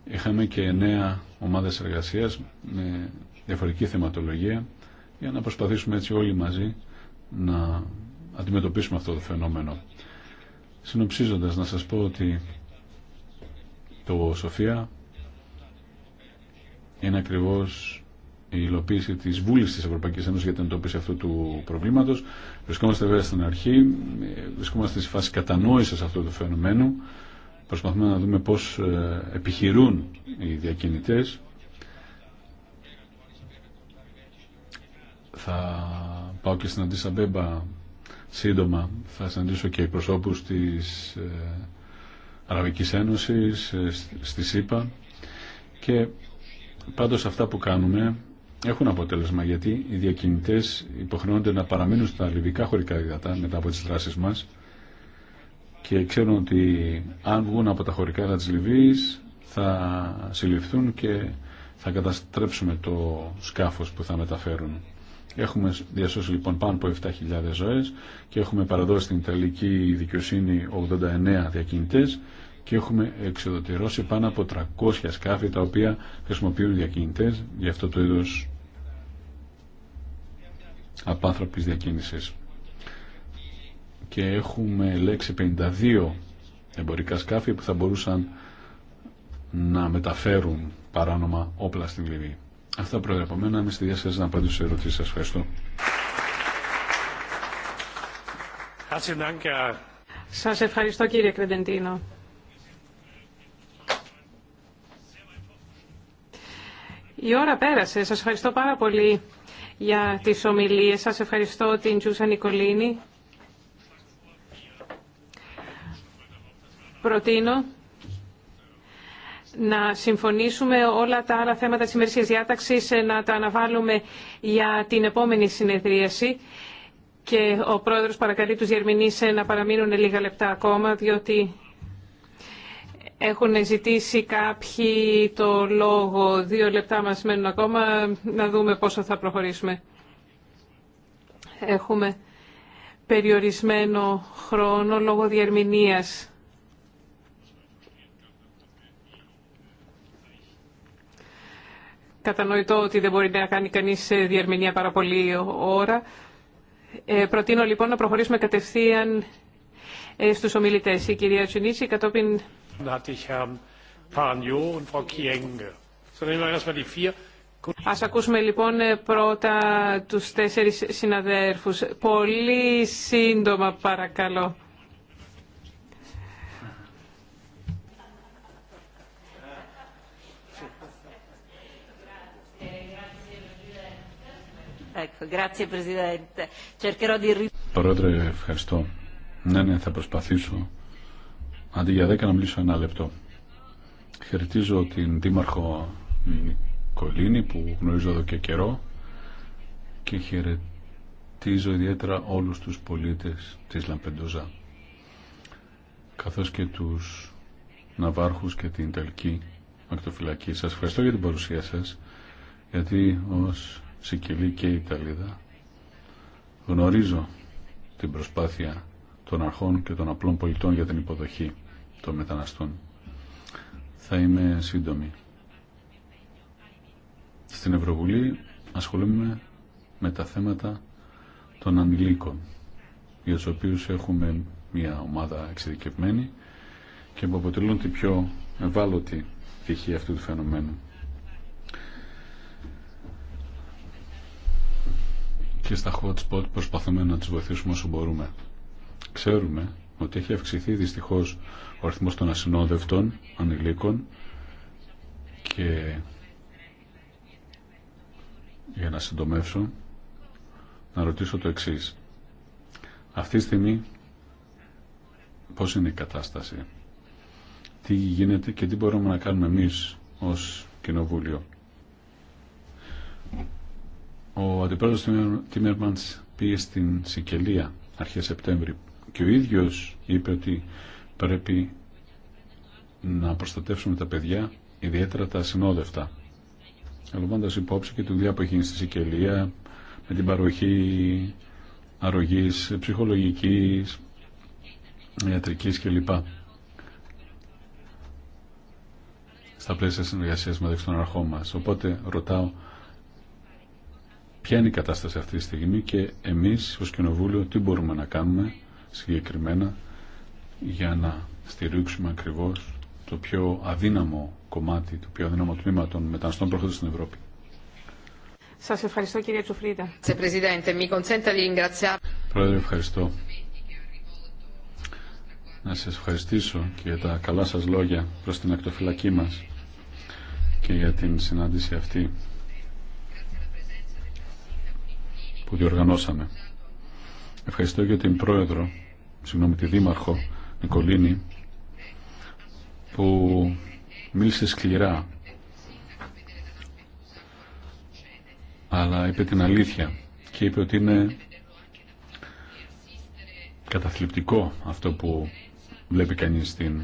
Είχαμε και εννέα ομάδες εργασίας με διαφορική θεματολογία για να προσπαθήσουμε έτσι όλοι μαζί να αντιμετωπίσουμε αυτό το φαινόμενο. Συνοψίζοντας να σας πω ότι το Σοφία είναι ακριβώς η υλοποίηση τη βούληση τη Ευρωπαϊκή Ένωση για την εντοπίση αυτού του προβλήματο. Βρισκόμαστε βέβαια στην αρχή, βρισκόμαστε στη φάση κατανόηση αυτού του φαινομένου. Προσπαθούμε να δούμε πώ ε, επιχειρούν οι διακινητέ. Θα πάω και στην Αντίσα Μπέμπα σύντομα. Θα συναντήσω και προσώπους της ε, Αραβική Ένωση ε, στη ΣΥΠΑ. Και πάντως αυτά που κάνουμε έχουν αποτέλεσμα γιατί οι διακινητές υποχρεώνονται να παραμείνουν στα λιβικά χωρικά υδατά μετά από τις δράσεις μας και ξέρουν ότι αν βγουν από τα χωρικά υδατά της Λιβύης θα συλληφθούν και θα καταστρέψουμε το σκάφος που θα μεταφέρουν. Έχουμε διασώσει λοιπόν πάνω από 7.000 ζωές και έχουμε παραδώσει στην Ιταλική δικαιοσύνη 89 διακινητές και έχουμε εξοδοτηρώσει πάνω από 300 σκάφη τα οποία χρησιμοποιούν διακινητές για αυτό το είδος απάνθρωπης διακίνησης. Και έχουμε λέξει 52 εμπορικά σκάφη που θα μπορούσαν να μεταφέρουν παράνομα όπλα στην Λιβύη. Αυτά πρόεδρε από Είμαι στη διάσταση να απαντήσω σε ερωτήσεις. Σας ευχαριστώ. Σας ευχαριστώ κύριε Κρεντεντίνο. Η ώρα πέρασε. Σας ευχαριστώ πάρα πολύ για τις ομιλίες σας. Ευχαριστώ την Τζούσα Νικολίνη. Προτείνω να συμφωνήσουμε όλα τα άλλα θέματα της ημερήσιας διάταξης, ε, να τα αναβάλουμε για την επόμενη συνεδρίαση. Και ο πρόεδρος παρακαλεί τους διερμηνείς ε, να παραμείνουν λίγα λεπτά ακόμα, διότι έχουν ζητήσει κάποιοι το λόγο. Δύο λεπτά μας μένουν ακόμα. Να δούμε πόσο θα προχωρήσουμε. Έχουμε περιορισμένο χρόνο λόγω διερμηνίας. Κατανοητό ότι δεν μπορεί να κάνει κανείς ε, διερμηνία πάρα πολύ ώρα. Ε, προτείνω λοιπόν να προχωρήσουμε κατευθείαν ε, στους ομιλητές. Η κυρία Τσουνίση κατόπιν hatte Ας ακούσουμε λοιπόν πρώτα τους τέσσερις συναδέρφους. Πολύ σύντομα παρακαλώ. Πρόεδρε, ευχαριστώ. Ναι, ναι, θα προσπαθήσω Αντί για 10 να μιλήσω ένα λεπτό. Χαιρετίζω την Δήμαρχο Κολίνη που γνωρίζω εδώ και καιρό και χαιρετίζω ιδιαίτερα όλους τους πολίτες της Λαμπεντούζα καθώς και τους Ναβάρχους και την Ιταλική Ακτοφυλακή. Σας ευχαριστώ για την παρουσία σας γιατί ως Σικελή και Ιταλίδα γνωρίζω την προσπάθεια των αρχών και των απλών πολιτών για την υποδοχή των μεταναστών. Θα είμαι σύντομη. Στην Ευρωβουλή ασχολούμαι με τα θέματα των ανηλίκων, για του οποίους έχουμε μια ομάδα εξειδικευμένη και που αποτελούν την πιο ευάλωτη πτυχή αυτού του φαινομένου. Και στα hot spot προσπαθούμε να τις βοηθήσουμε όσο μπορούμε. Ξέρουμε ότι έχει αυξηθεί δυστυχώς ο αριθμός των ασυνόδευτων ανηλίκων και για να συντομεύσω να ρωτήσω το εξής. Αυτή τη στιγμή πώς είναι η κατάσταση. Τι γίνεται και τι μπορούμε να κάνουμε εμείς ως Κοινοβούλιο. Ο αντιπρόεδρος Τιμέρμαντς πήγε στην Σικελία αρχές Σεπτέμβρη και ο ίδιος είπε ότι πρέπει να προστατεύσουμε τα παιδιά, ιδιαίτερα τα ασυνόδευτα. Λαμβάνοντας υπόψη και τη δουλειά που έχει στη Σικελία, με την παροχή αρρωγής, ψυχολογικής, ιατρικής κλπ. Στα πλαίσια συνεργασίας μεταξύ των αρχών μας. Οπότε ρωτάω ποια είναι η κατάσταση αυτή τη στιγμή και εμείς ως Κοινοβούλιο τι μπορούμε να κάνουμε συγκεκριμένα για να στηρίξουμε ακριβώς το πιο αδύναμο κομμάτι, το πιο αδύναμο τμήμα των μεταναστών προχώρησης στην Ευρώπη. Σας ευχαριστώ κυρία Τσουφρίδα. Πρόεδρε, ευχαριστώ. Να σας ευχαριστήσω και για τα καλά σας λόγια προς την ακτοφυλακή μας και για την συνάντηση αυτή που διοργανώσαμε. Ευχαριστώ και την Πρόεδρο συγγνώμη, τη Δήμαρχο Νικολίνη που μίλησε σκληρά αλλά είπε την αλήθεια και είπε ότι είναι καταθλιπτικό αυτό που βλέπει κανείς στην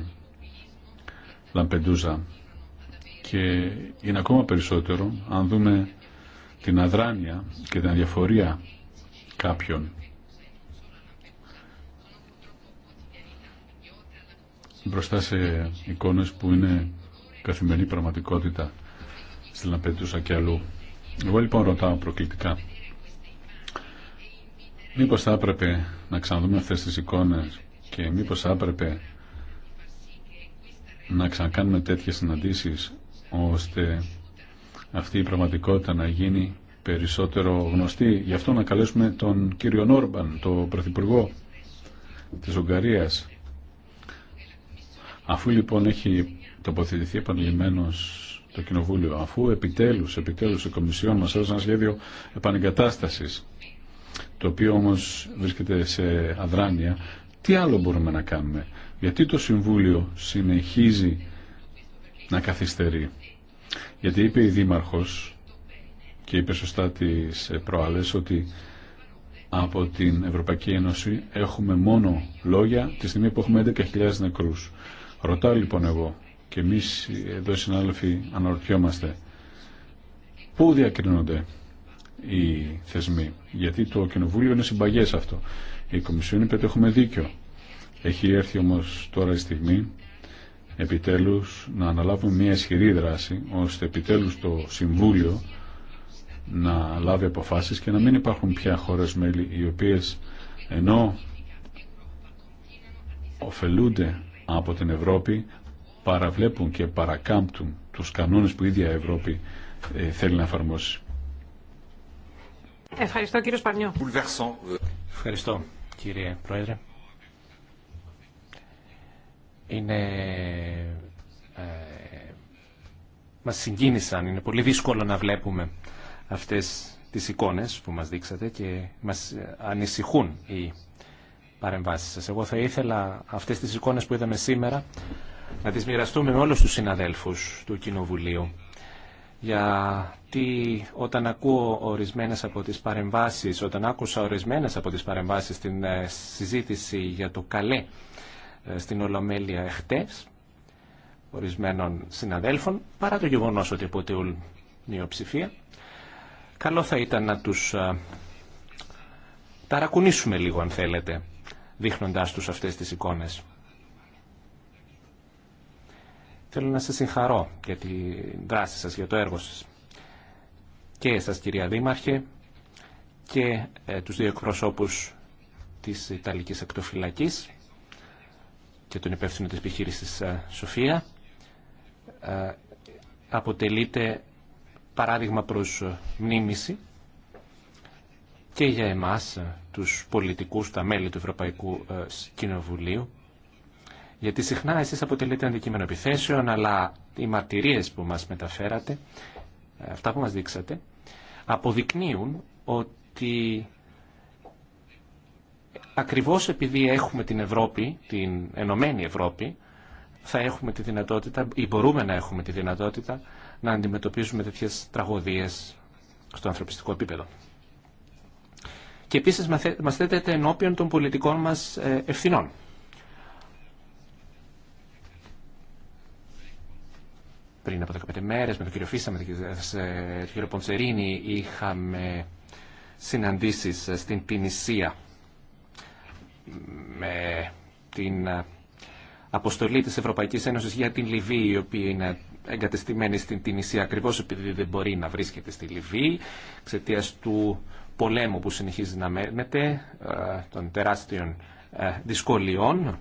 Λαμπεντούζα και είναι ακόμα περισσότερο αν δούμε την αδράνεια και την αδιαφορία κάποιων μπροστά σε εικόνες που είναι καθημερινή πραγματικότητα στην απαιτούσα και αλλού. Εγώ λοιπόν ρωτάω προκλητικά. Μήπως θα έπρεπε να ξαναδούμε αυτές τις εικόνες και μήπως θα έπρεπε να ξανακάνουμε τέτοιες συναντήσεις ώστε αυτή η πραγματικότητα να γίνει περισσότερο γνωστή. Γι' αυτό να καλέσουμε τον κύριο Νόρμπαν, τον Πρωθυπουργό της Ουγγαρίας, Αφού λοιπόν έχει τοποθετηθεί επανειλημμένο το Κοινοβούλιο, αφού επιτέλου επιτέλους, η Κομισιόν μα έδωσε ένα σχέδιο επανεγκατάσταση, το οποίο όμω βρίσκεται σε αδράνεια, τι άλλο μπορούμε να κάνουμε. Γιατί το Συμβούλιο συνεχίζει να καθυστερεί. Γιατί είπε η Δήμαρχος και είπε σωστά τι προάλλες ότι από την Ευρωπαϊκή Ένωση έχουμε μόνο λόγια τη στιγμή που έχουμε 11.000 νεκρούς. Ρωτάω λοιπόν εγώ και εμείς εδώ συνάδελφοι αναρωτιόμαστε πού διακρίνονται οι θεσμοί. Γιατί το κοινοβούλιο είναι συμπαγές αυτό. Η Κομισιόν είπε ότι έχουμε δίκιο. Έχει έρθει όμω τώρα η στιγμή επιτέλους να αναλάβουμε μια ισχυρή δράση ώστε επιτέλους το Συμβούλιο να λάβει αποφάσεις και να μην υπάρχουν πια χώρες μέλη οι οποίες ενώ ωφελούνται από την Ευρώπη παραβλέπουν και παρακάμπτουν τους κανόνες που η ίδια η Ευρώπη ε, θέλει να εφαρμόσει. Ευχαριστώ κύριο Σπανιό. Ευχαριστώ κύριε Πρόεδρε. Είναι... Ε, μας συγκίνησαν. Είναι πολύ δύσκολο να βλέπουμε αυτές τις εικόνες που μας δείξατε και μας ανησυχούν οι εγώ θα ήθελα αυτές τις εικόνε που είδαμε σήμερα να τι μοιραστούμε με όλους τους συναδέλφους του Κοινοβουλίου. Γιατί όταν ακούω ορισμένες από τις παρεμβάσεις, όταν άκουσα ορισμένε από τις παρεμβάσει στην ε, συζήτηση για το καλέ ε, στην Ολομέλεια εχθέ, ορισμένων συναδέλφων, παρά το γεγονός ότι αποτελούν μειοψηφία, καλό θα ήταν να τους ε, ταρακουνήσουμε λίγο αν θέλετε δείχνοντάς τους αυτές τις εικόνες. Θέλω να σας συγχαρώ για τη δράση σας, για το έργο σας. Και σας κυρία Δήμαρχε και ε, τους δύο εκπροσώπους της Ιταλικής Εκτοφυλακής και τον υπεύθυνο της επιχείρησης ε, Σοφία. Ε, αποτελείται παράδειγμα προς μνήμηση και για εμάς, ε, τους πολιτικούς, τα μέλη του Ευρωπαϊκού ε, Κοινοβουλίου, γιατί συχνά εσείς αποτελείτε αντικείμενο επιθέσεων, αλλά οι μαρτυρίες που μας μεταφέρατε, ε, αυτά που μας δείξατε, αποδεικνύουν ότι ακριβώς επειδή έχουμε την Ευρώπη, την Ενωμένη Ευρώπη, θα έχουμε τη δυνατότητα ή μπορούμε να έχουμε τη δυνατότητα να αντιμετωπίζουμε τέτοιες τραγωδίες στο ανθρωπιστικό επίπεδο και επίσης μας θέτεται ενώπιον των πολιτικών μας ε, ευθυνών. Πριν από 15 μέρες με τον κύριο Φίσα, με τον κύριο ε, ε, Ποντσερίνη είχαμε συναντήσεις στην Τινησία με την αποστολή της Ευρωπαϊκής Ένωσης για την Λιβύη, η οποία είναι εγκατεστημένη στην Τινησία ακριβώς επειδή δεν μπορεί να βρίσκεται στη Λιβύη εξαιτία του πολέμου που συνεχίζει να μένεται, ε, των τεράστιων ε, δυσκολιών.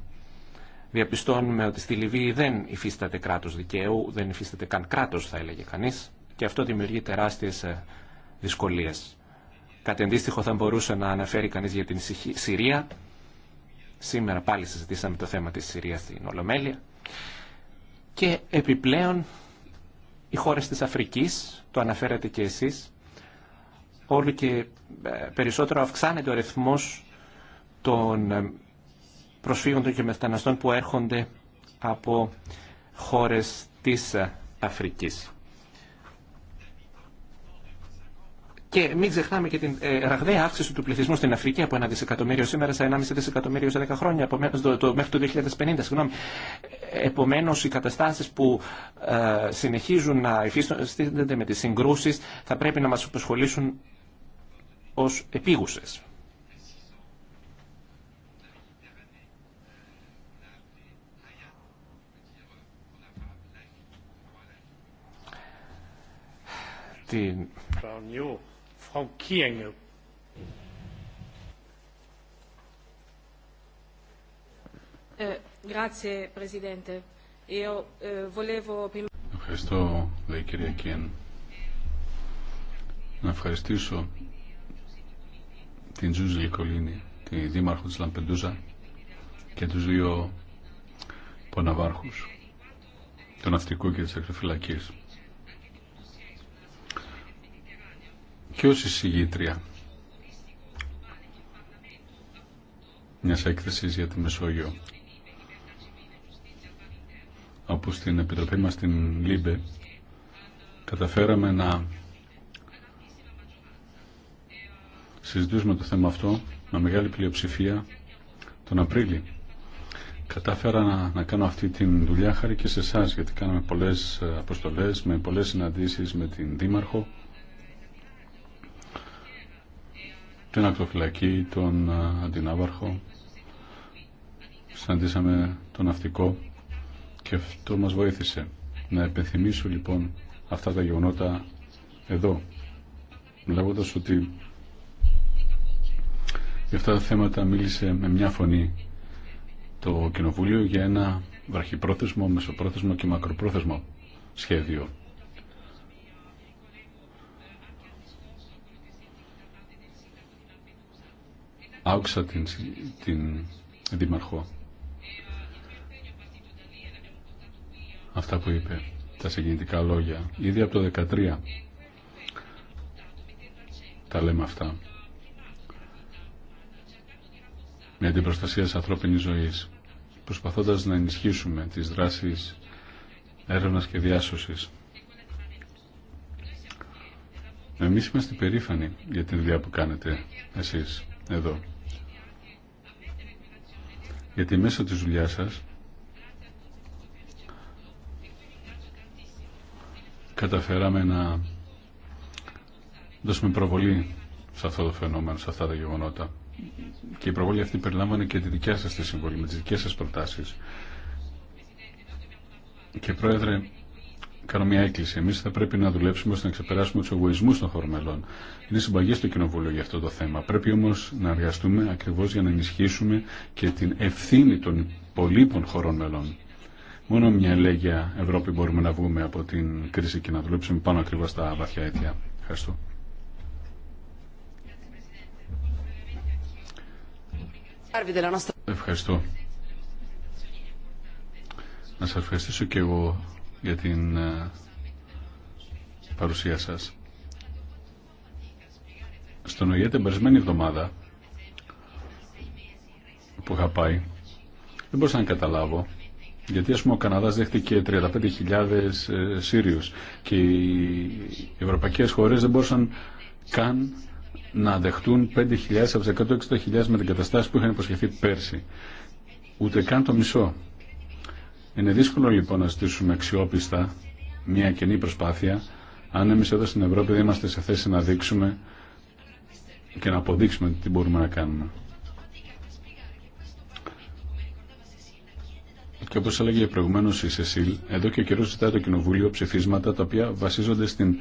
Διαπιστώνουμε ότι στη Λιβύη δεν υφίσταται κράτος δικαίου, δεν υφίσταται καν κράτος θα έλεγε κανείς και αυτό δημιουργεί τεράστιες ε, δυσκολίες. Κάτι αντίστοιχο θα μπορούσε να αναφέρει κανείς για την Συρία. Σήμερα πάλι συζητήσαμε το θέμα της Συρίας στην Ολομέλεια. Και επιπλέον οι χώρες της Αφρικής, το αναφέρατε και εσείς, όλο και ε, περισσότερο αυξάνεται ο αριθμό των ε, προσφύγων και μεταναστών που έρχονται από χώρες της ε, Αφρικής. Και μην ξεχνάμε και την ραγδαία αύξηση του πληθυσμού στην Αφρική από ένα δισεκατομμύριο σήμερα σε 1,5 δισεκατομμύριο σε 10 χρόνια, επομένως, το, μέχρι το 2050. Συγγνώμη. Επομένω, οι καταστάσεις που συνεχίζουν να υφίστανται με τις συγκρούσεις θα πρέπει να μας απασχολήσουν ως επίγουσες. Την... Ευχαριστώ, λέει η κυρία Κιέν. Να ευχαριστήσω την Τζούζη Λικολίνη, τη δήμαρχο της Λαμπεντούζα και τους δύο ποναβάρχους, τον ναυτικού και της εκτροφυλακής. Και ως εισηγήτρια μια έκθεση για τη Μεσόγειο όπου στην Επιτροπή μας στην Λίμπε καταφέραμε να συζητούσαμε το θέμα αυτό με μεγάλη πλειοψηφία τον Απρίλιο. Κατάφερα να, να κάνω αυτή τη δουλειά χάρη και σε εσά, γιατί κάναμε πολλέ ε, αποστολέ, με πολλέ συναντήσει με την Δήμαρχο, την ακτοφυλακή, τον ε, αντινάβαρχο, συναντήσαμε τον ναυτικό και αυτό μας βοήθησε. Να επενθυμίσω λοιπόν αυτά τα γεγονότα εδώ, λέγοντα ότι για αυτά τα θέματα μίλησε με μια φωνή το Κοινοβούλιο για ένα βραχυπρόθεσμο, μεσοπρόθεσμο και μακροπρόθεσμο σχέδιο. Άκουσα την, την Δήμαρχο αυτά που είπε, τα συγκινητικά λόγια. Ήδη από το 2013 τα λέμε αυτά. με την προστασία της ανθρώπινης ζωής, προσπαθώντας να ενισχύσουμε τις δράσεις έρευνας και διάσωσης. Εμείς είμαστε περήφανοι για την δουλειά που κάνετε εσείς εδώ. Γιατί μέσω της δουλειά σας καταφέραμε να δώσουμε προβολή σε αυτό το φαινόμενο, σε αυτά τα γεγονότα και η προβολή αυτή περιλάμβανε και τη δικιά σας τη συμβολή, με τις δικές σας προτάσεις. Και Πρόεδρε, κάνω μια έκκληση. Εμεί θα πρέπει να δουλέψουμε ώστε να ξεπεράσουμε του εγωισμού των χωρών μελών. Είναι συμπαγή στο Κοινοβούλιο για αυτό το θέμα. Πρέπει όμω να εργαστούμε ακριβώ για να ενισχύσουμε και την ευθύνη των υπολείπων χωρών μελών. Μόνο μια λέγια Ευρώπη μπορούμε να βγούμε από την κρίση και να δουλέψουμε πάνω ακριβώ στα βαθιά αίτια. Ευχαριστώ. Ευχαριστώ. Να σας ευχαριστήσω και εγώ για την ε, παρουσία σας. Στον ΟΙΕ την περαισμένη εβδομάδα που είχα πάει, δεν μπορούσα να καταλάβω γιατί ας πούμε ο Καναδάς δέχτηκε 35.000 ε, Σύριους και οι ευρωπαϊκές χώρες δεν μπορούσαν καν να δεχτούν 5.000 από τις 160.000 καταστάση που είχαν υποσχεθεί πέρσι. Ούτε καν το μισό. Είναι δύσκολο λοιπόν να στήσουμε αξιόπιστα μια καινή προσπάθεια αν εμείς εδώ στην Ευρώπη δεν είμαστε σε θέση να δείξουμε και να αποδείξουμε τι μπορούμε να κάνουμε. Και όπως έλεγε προηγουμένως η Σεσίλ, εδώ και καιρό ζητάει το Κοινοβούλιο ψηφίσματα τα οποία βασίζονται στην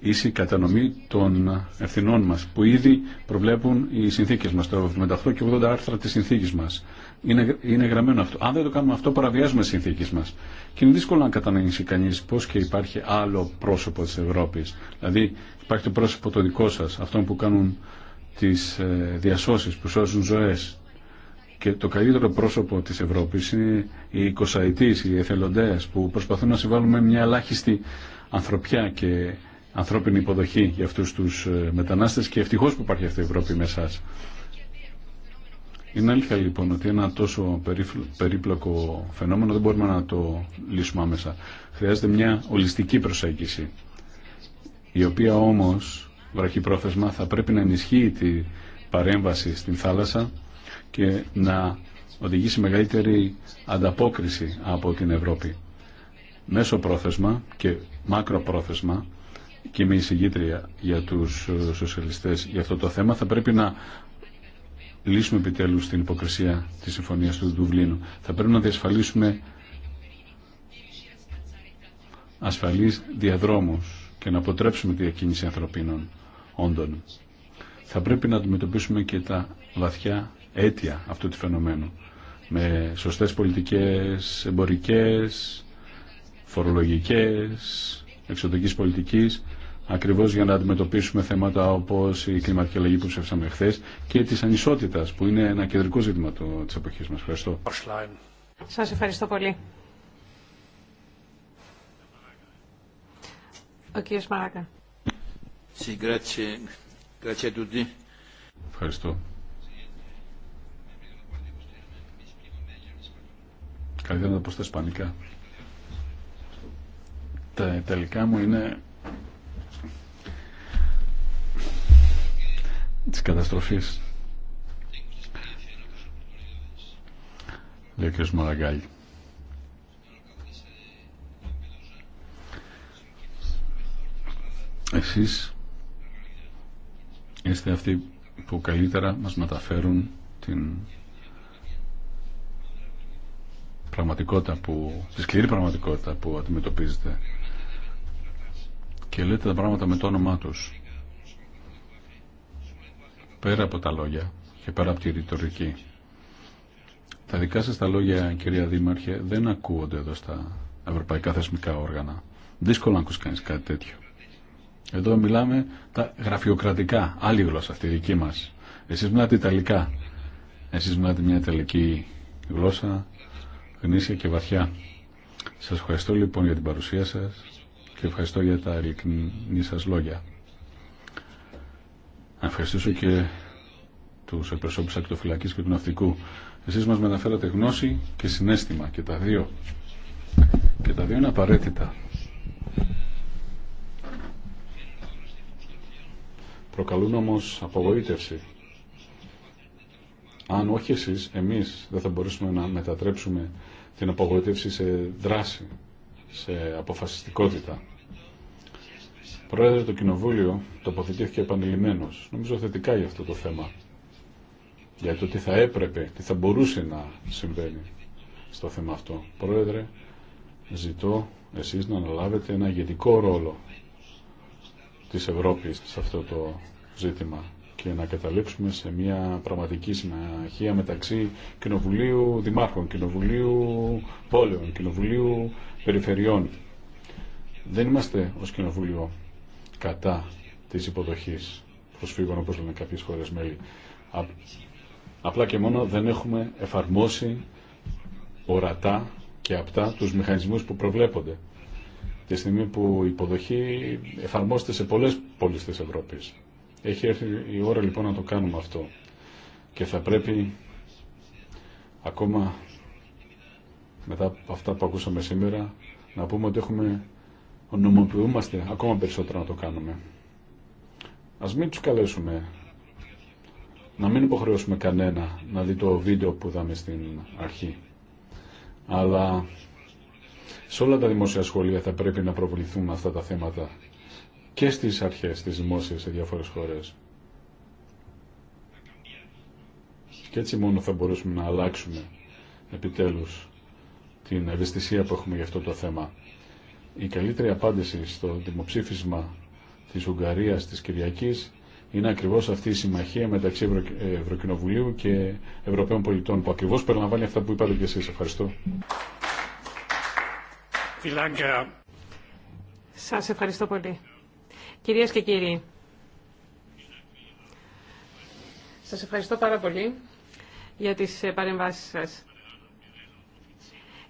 ίση κατανομή των ευθυνών μας που ήδη προβλέπουν οι συνθήκες μας, το 78 και 80 άρθρα της συνθήκης μας. Είναι, είναι γραμμένο αυτό. Αν δεν το κάνουμε αυτό παραβιάζουμε τις συνθήκες μας. Και είναι δύσκολο να κατανοήσει κανείς πώς και υπάρχει άλλο πρόσωπο της Ευρώπης. Δηλαδή υπάρχει το πρόσωπο το δικό σας, αυτό που κάνουν τις ε, διασώσεις, που σώζουν ζωές. Και το καλύτερο πρόσωπο της Ευρώπης είναι οι οικοσαϊτείς, οι εθελοντές που προσπαθούν να συμβάλλουν με μια ελάχιστη ανθρωπιά και ανθρώπινη υποδοχή για αυτούς τους ε, μετανάστες και ευτυχώς που υπάρχει αυτή η Ευρώπη με εσάς. Είναι αλήθεια λοιπόν ότι ένα τόσο περίπλοκο φαινόμενο δεν μπορούμε να το λύσουμε άμεσα. Χρειάζεται μια ολιστική προσέγγιση, η οποία όμως βραχυπρόθεσμα θα πρέπει να ενισχύει τη παρέμβαση στην θάλασσα και να οδηγήσει μεγαλύτερη ανταπόκριση από την Ευρώπη. Μέσο πρόθεσμα και μάκρο πρόθεσμα και είμαι εισηγήτρια για τους ε, σοσιαλιστές για αυτό το θέμα, θα πρέπει να λύσουμε επιτέλους την υποκρισία της συμφωνίας του Δουβλίνου. Θα πρέπει να διασφαλίσουμε ασφαλείς διαδρόμους και να αποτρέψουμε τη διακίνηση ανθρωπίνων όντων. Θα πρέπει να αντιμετωπίσουμε και τα βαθιά αίτια αυτού του φαινομένου με σωστές πολιτικές, εμπορικές, φορολογικές, εξωτικής πολιτικής ακριβώς για να αντιμετωπίσουμε θέματα όπως η κλιματική αλλαγή που ψεύσαμε χθε και τη ανισότητα, που είναι ένα κεντρικό ζήτημα της εποχής μας. Ευχαριστώ. Σας ευχαριστώ πολύ. Ο κύριο Μαράκα. Ευχαριστώ. Καλύτερα να το πω στα ισπανικά. Τα τελικά μου είναι της καταστροφής. Λέει ο κ. Μαραγκάλη. Εσείς είστε αυτοί που καλύτερα μας μεταφέρουν την πραγματικότητα που, τη σκληρή πραγματικότητα που αντιμετωπίζετε και λέτε τα πράγματα με το όνομά τους πέρα από τα λόγια και πέρα από τη ρητορική. Τα δικά σας τα λόγια, κυρία Δήμαρχε, δεν ακούονται εδώ στα ευρωπαϊκά θεσμικά όργανα. Δύσκολο να ακούσει κανείς κάτι τέτοιο. Εδώ μιλάμε τα γραφειοκρατικά, άλλη γλώσσα, αυτή δική μας. Εσείς μιλάτε Ιταλικά. Εσείς μιλάτε μια Ιταλική γλώσσα, γνήσια και βαθιά. Σας ευχαριστώ λοιπόν για την παρουσία σας και ευχαριστώ για τα ειλικρινή σας λόγια. Να ευχαριστήσω και του εκπροσώπου ακτοφυλακή και του ναυτικού. Εσεί μα μεταφέρατε γνώση και συνέστημα και τα δύο. Και τα δύο είναι απαραίτητα. Προκαλούν όμω απογοήτευση. Αν όχι εσεί, εμείς δεν θα μπορέσουμε να μετατρέψουμε την απογοήτευση σε δράση, σε αποφασιστικότητα. Πρόεδρε, το Κοινοβούλιο τοποθετήθηκε επανειλημμένο, νομίζω θετικά για αυτό το θέμα. Για το τι θα έπρεπε, τι θα μπορούσε να συμβαίνει στο θέμα αυτό. Πρόεδρε, ζητώ εσείς να αναλάβετε ένα γενικό ρόλο της Ευρώπης σε αυτό το ζήτημα και να καταλήξουμε σε μια πραγματική συναχία μεταξύ Κοινοβουλίου Δημάρχων, Κοινοβουλίου Πόλεων, Κοινοβουλίου Περιφερειών. Δεν είμαστε ως Κοινοβουλίο κατά της υποδοχής προσφύγων όπως λένε κάποιες χώρες μέλη. Απλά και μόνο δεν έχουμε εφαρμόσει ορατά και απτά τους μηχανισμούς που προβλέπονται. Τη στιγμή που η υποδοχή εφαρμόζεται σε πολλές πόλεις της Ευρώπης. Έχει έρθει η ώρα λοιπόν να το κάνουμε αυτό. Και θα πρέπει ακόμα μετά από αυτά που ακούσαμε σήμερα να πούμε ότι έχουμε Ονομοποιούμαστε ακόμα περισσότερο να το κάνουμε. Ας μην τους καλέσουμε να μην υποχρεώσουμε κανένα να δει το βίντεο που είδαμε στην αρχή. Αλλά σε όλα τα δημόσια σχολεία θα πρέπει να προβληθούν αυτά τα θέματα και στις αρχές, στις δημόσιες σε διάφορες χώρες. Και έτσι μόνο θα μπορούσαμε να αλλάξουμε επιτέλους την ευαισθησία που έχουμε για αυτό το θέμα. Η καλύτερη απάντηση στο δημοψήφισμα της Ουγγαρίας της Κυριακής είναι ακριβώς αυτή η συμμαχία μεταξύ Ευρωκοινοβουλίου και Ευρωπαίων πολιτών που ακριβώς περιλαμβάνει αυτά που είπατε και εσείς. Ευχαριστώ. Σας ευχαριστώ πολύ. Κυρίες και κύριοι, σας ευχαριστώ πάρα πολύ για τις ε, παρεμβάσεις σας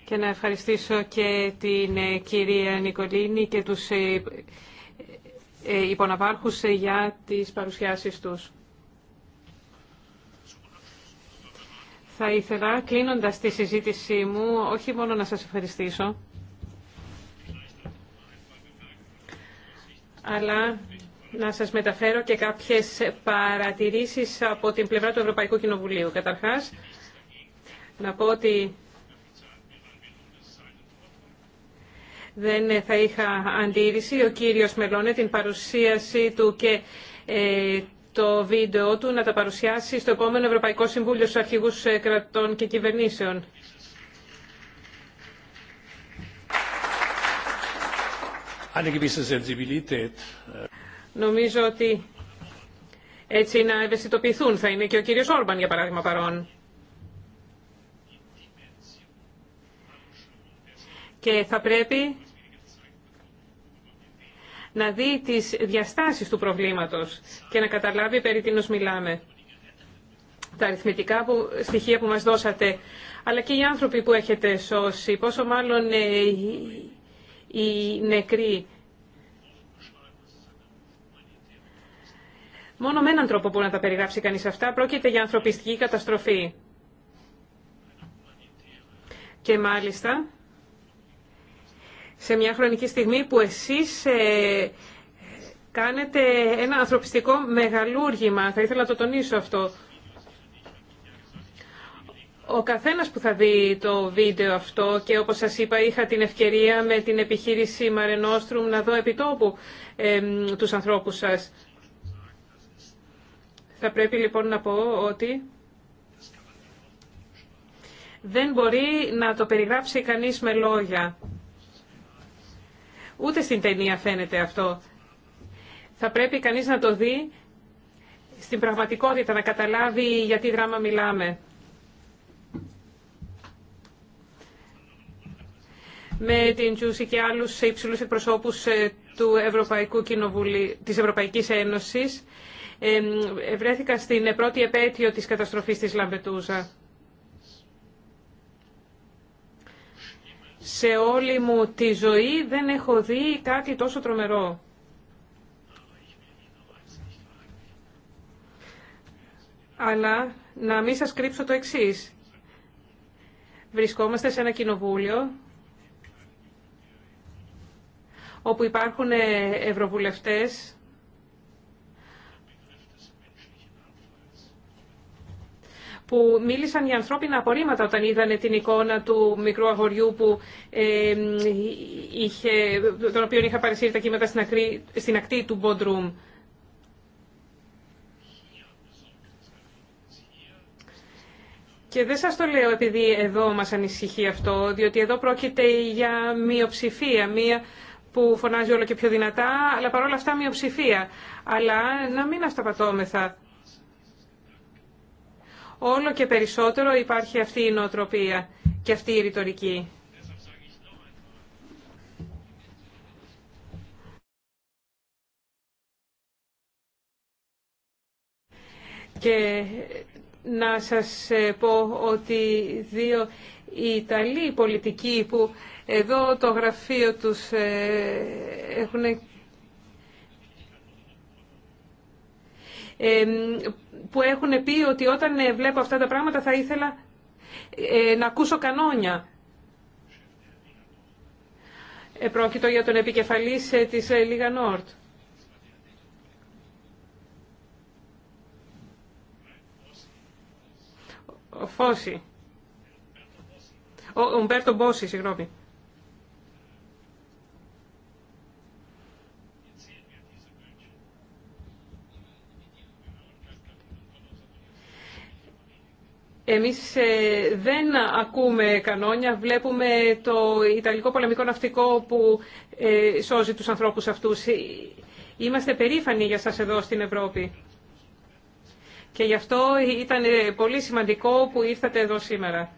και να ευχαριστήσω και την ε, κυρία Νικολίνη και τους ε, ε, υποναπάρχους για τις παρουσιάσεις τους. Θα ήθελα, κλείνοντας τη συζήτησή μου, όχι μόνο να σας ευχαριστήσω, αλλά να σας μεταφέρω και κάποιες παρατηρήσεις από την πλευρά του Ευρωπαϊκού Κοινοβουλίου. Καταρχάς, να πω ότι δεν θα είχα αντίρρηση ο κύριος Μελώνε την παρουσίαση του και ε, το βίντεο του να τα παρουσιάσει στο επόμενο Ευρωπαϊκό Συμβούλιο στους αρχηγούς ε, κρατών και κυβερνήσεων. Äh. Νομίζω ότι έτσι να ευαισθητοποιηθούν θα είναι και ο κύριος Όρμπαν για παράδειγμα παρόν. Και θα πρέπει να δει τις διαστάσεις του προβλήματος και να καταλάβει περί τίνος μιλάμε. Τα αριθμητικά που, στοιχεία που μας δώσατε, αλλά και οι άνθρωποι που έχετε σώσει, πόσο μάλλον ε, οι νεκροί. Μόνο με έναν τρόπο που να τα περιγράψει κανείς αυτά, πρόκειται για ανθρωπιστική καταστροφή. Και μάλιστα, σε μια χρονική στιγμή που εσείς ε, κάνετε ένα ανθρωπιστικό μεγαλούργημα. Θα ήθελα να το τονίσω αυτό. Ο καθένας που θα δει το βίντεο αυτό και όπως σας είπα είχα την ευκαιρία με την επιχείρηση Μαρενόστρουμ να δω επιτόπου ε, τους ανθρώπους σας. Θα πρέπει λοιπόν να πω ότι δεν μπορεί να το περιγράψει κανείς με λόγια. Ούτε στην ταινία φαίνεται αυτό. Θα πρέπει κανείς να το δει στην πραγματικότητα, να καταλάβει για τι δράμα μιλάμε. με την Τζούση και άλλους υψηλούς εκπροσώπους ε, του Ευρωπαϊκού Κοινοβουλίου, της Ευρωπαϊκής Ένωσης. Ε, ε, βρέθηκα στην πρώτη επέτειο της καταστροφής της Λαμπετούζα. Σε όλη μου τη ζωή δεν έχω δει κάτι τόσο τρομερό. Αλλά να μην σας κρύψω το εξής. Βρισκόμαστε σε ένα κοινοβούλιο όπου υπάρχουν ευρωβουλευτές που μίλησαν για ανθρώπινα απορρίμματα όταν είδανε την εικόνα του μικρού αγοριού που, ε, είχε, τον οποίο είχα παρασύρει τα κύματα στην, στην ακτή του Μποντρούμ. Και δεν σας το λέω επειδή εδώ μας ανησυχεί αυτό, διότι εδώ πρόκειται για μειοψηφία, μία που φωνάζει όλο και πιο δυνατά, αλλά παρόλα αυτά μειοψηφία. Αλλά να μην αυταπατώμεθα όλο και περισσότερο υπάρχει αυτή η νοοτροπία και αυτή η ρητορική. Και να σας ε, πω ότι δύο Ιταλοί πολιτικοί που εδώ το γραφείο τους ε, έχουν που έχουν πει ότι όταν ε, βλέπω αυτά τα πράγματα θα ήθελα ε, να ακούσω κανόνια. Ε, πρόκειτο για τον επικεφαλής της Λίγα Νόρτ. Ο Φώση. Ο Ομπέρτο Μπόση, συγγνώμη. Εμείς ε, δεν ακούμε κανόνια, βλέπουμε το Ιταλικό πολεμικό ναυτικό που ε, σώζει τους ανθρώπους αυτούς. Ε, είμαστε περήφανοι για σας εδώ στην Ευρώπη. Και γι' αυτό ήταν πολύ σημαντικό που ήρθατε εδώ σήμερα.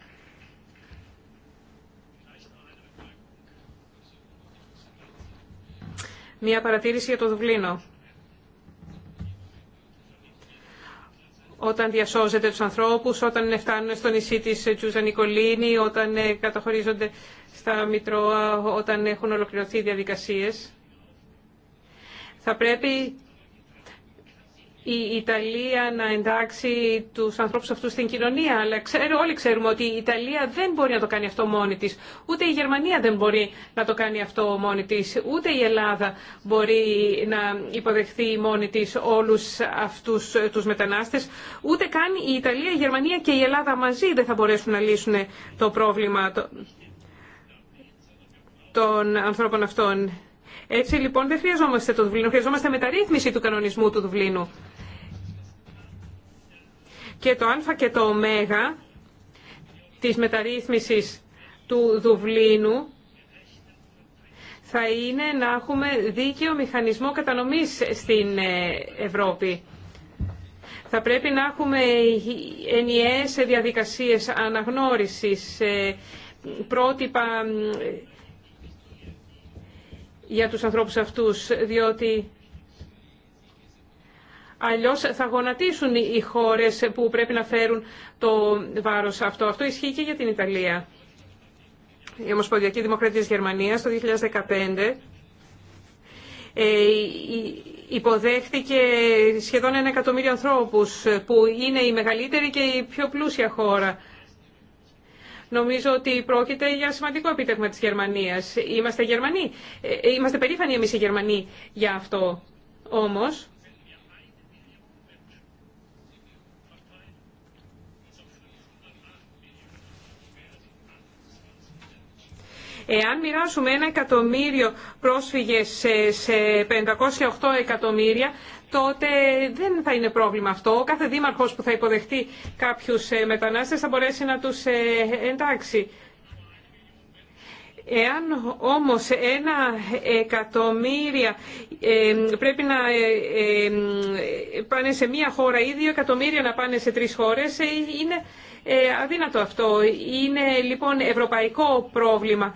Μία παρατήρηση για το Δουβλίνο. όταν διασώζεται τους ανθρώπους, όταν φτάνουν στο νησί της Τζούζα Νικολίνη, όταν ε, καταχωρίζονται στα Μητρώα, όταν έχουν ολοκληρωθεί οι διαδικασίες. Θα πρέπει η Ιταλία να εντάξει του ανθρώπου αυτού στην κοινωνία. Αλλά ξέρω, όλοι ξέρουμε ότι η Ιταλία δεν μπορεί να το κάνει αυτό μόνη τη. Ούτε η Γερμανία δεν μπορεί να το κάνει αυτό μόνη τη, Ούτε η Ελλάδα μπορεί να υποδεχθεί μόνη τη όλου αυτού του μετανάστε. Ούτε καν η Ιταλία, η Γερμανία και η Ελλάδα μαζί δεν θα μπορέσουν να λύσουν το πρόβλημα των ανθρώπων αυτών. Έτσι λοιπόν δεν χρειαζόμαστε το Δουβλίνο, χρειαζόμαστε μεταρρύθμιση του κανονισμού του Δουβλίνου. Και το α και το ω της μεταρρύθμισης του Δουβλίνου θα είναι να έχουμε δίκαιο μηχανισμό κατανομής στην ε, Ευρώπη. Θα πρέπει να έχουμε ενιαίες διαδικασίες αναγνώρισης, ε, πρότυπα για τους ανθρώπους αυτούς, διότι Αλλιώς θα γονατίσουν οι χώρες που πρέπει να φέρουν το βάρος αυτό. Αυτό ισχύει και για την Ιταλία. Η Ομοσπονδιακή Δημοκρατία της Γερμανίας το 2015 ε, υποδέχτηκε σχεδόν ένα εκατομμύριο ανθρώπους που είναι η μεγαλύτερη και η πιο πλούσια χώρα. Νομίζω ότι πρόκειται για σημαντικό επίτευγμα της Γερμανίας. Είμαστε Γερμανοί. Ε, ε, είμαστε περήφανοι εμείς οι Γερμανοί για αυτό. Όμως, Εάν μοιράσουμε ένα εκατομμύριο πρόσφυγες σε 508 εκατομμύρια, τότε δεν θα είναι πρόβλημα αυτό. Ο κάθε δήμαρχος που θα υποδεχτεί κάποιους ε, μετανάστες θα μπορέσει να τους ε, εντάξει. Εάν όμως ένα εκατομμύρια ε, πρέπει να ε, ε, πάνε σε μία χώρα ή δύο εκατομμύρια να πάνε σε τρεις χώρες, είναι αδύνατο αυτό. Είναι λοιπόν ευρωπαϊκό πρόβλημα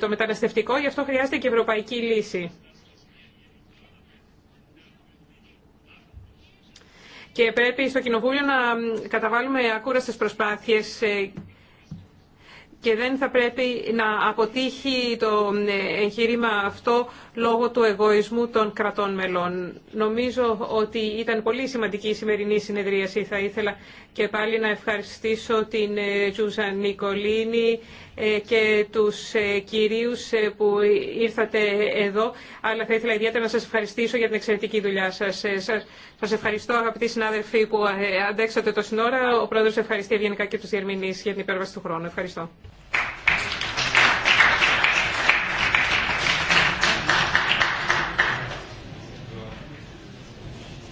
το μεταναστευτικό, γι' αυτό χρειάζεται και ευρωπαϊκή λύση. Και πρέπει στο Κοινοβούλιο να καταβάλουμε ακούραστες προσπάθειες και δεν θα πρέπει να αποτύχει το ε, εγχείρημα αυτό λόγω του εγωισμού των κρατών μελών. Νομίζω ότι ήταν πολύ σημαντική η σημερινή συνεδρίαση. Θα ήθελα και πάλι να ευχαριστήσω την ε, Τζούζα Νικολίνη, ε, και τους ε, κυρίους ε, που ήρθατε εδώ, αλλά θα ήθελα ιδιαίτερα να σας ευχαριστήσω για την εξαιρετική δουλειά σας. Σας ευχαριστώ αγαπητοί συνάδελφοι που αντέξατε το σύνορα. Ο Πρόεδρος ευχαριστεί ευγενικά και τους διερμηνείς για την υπέρβαση του χρόνου. Ευχαριστώ.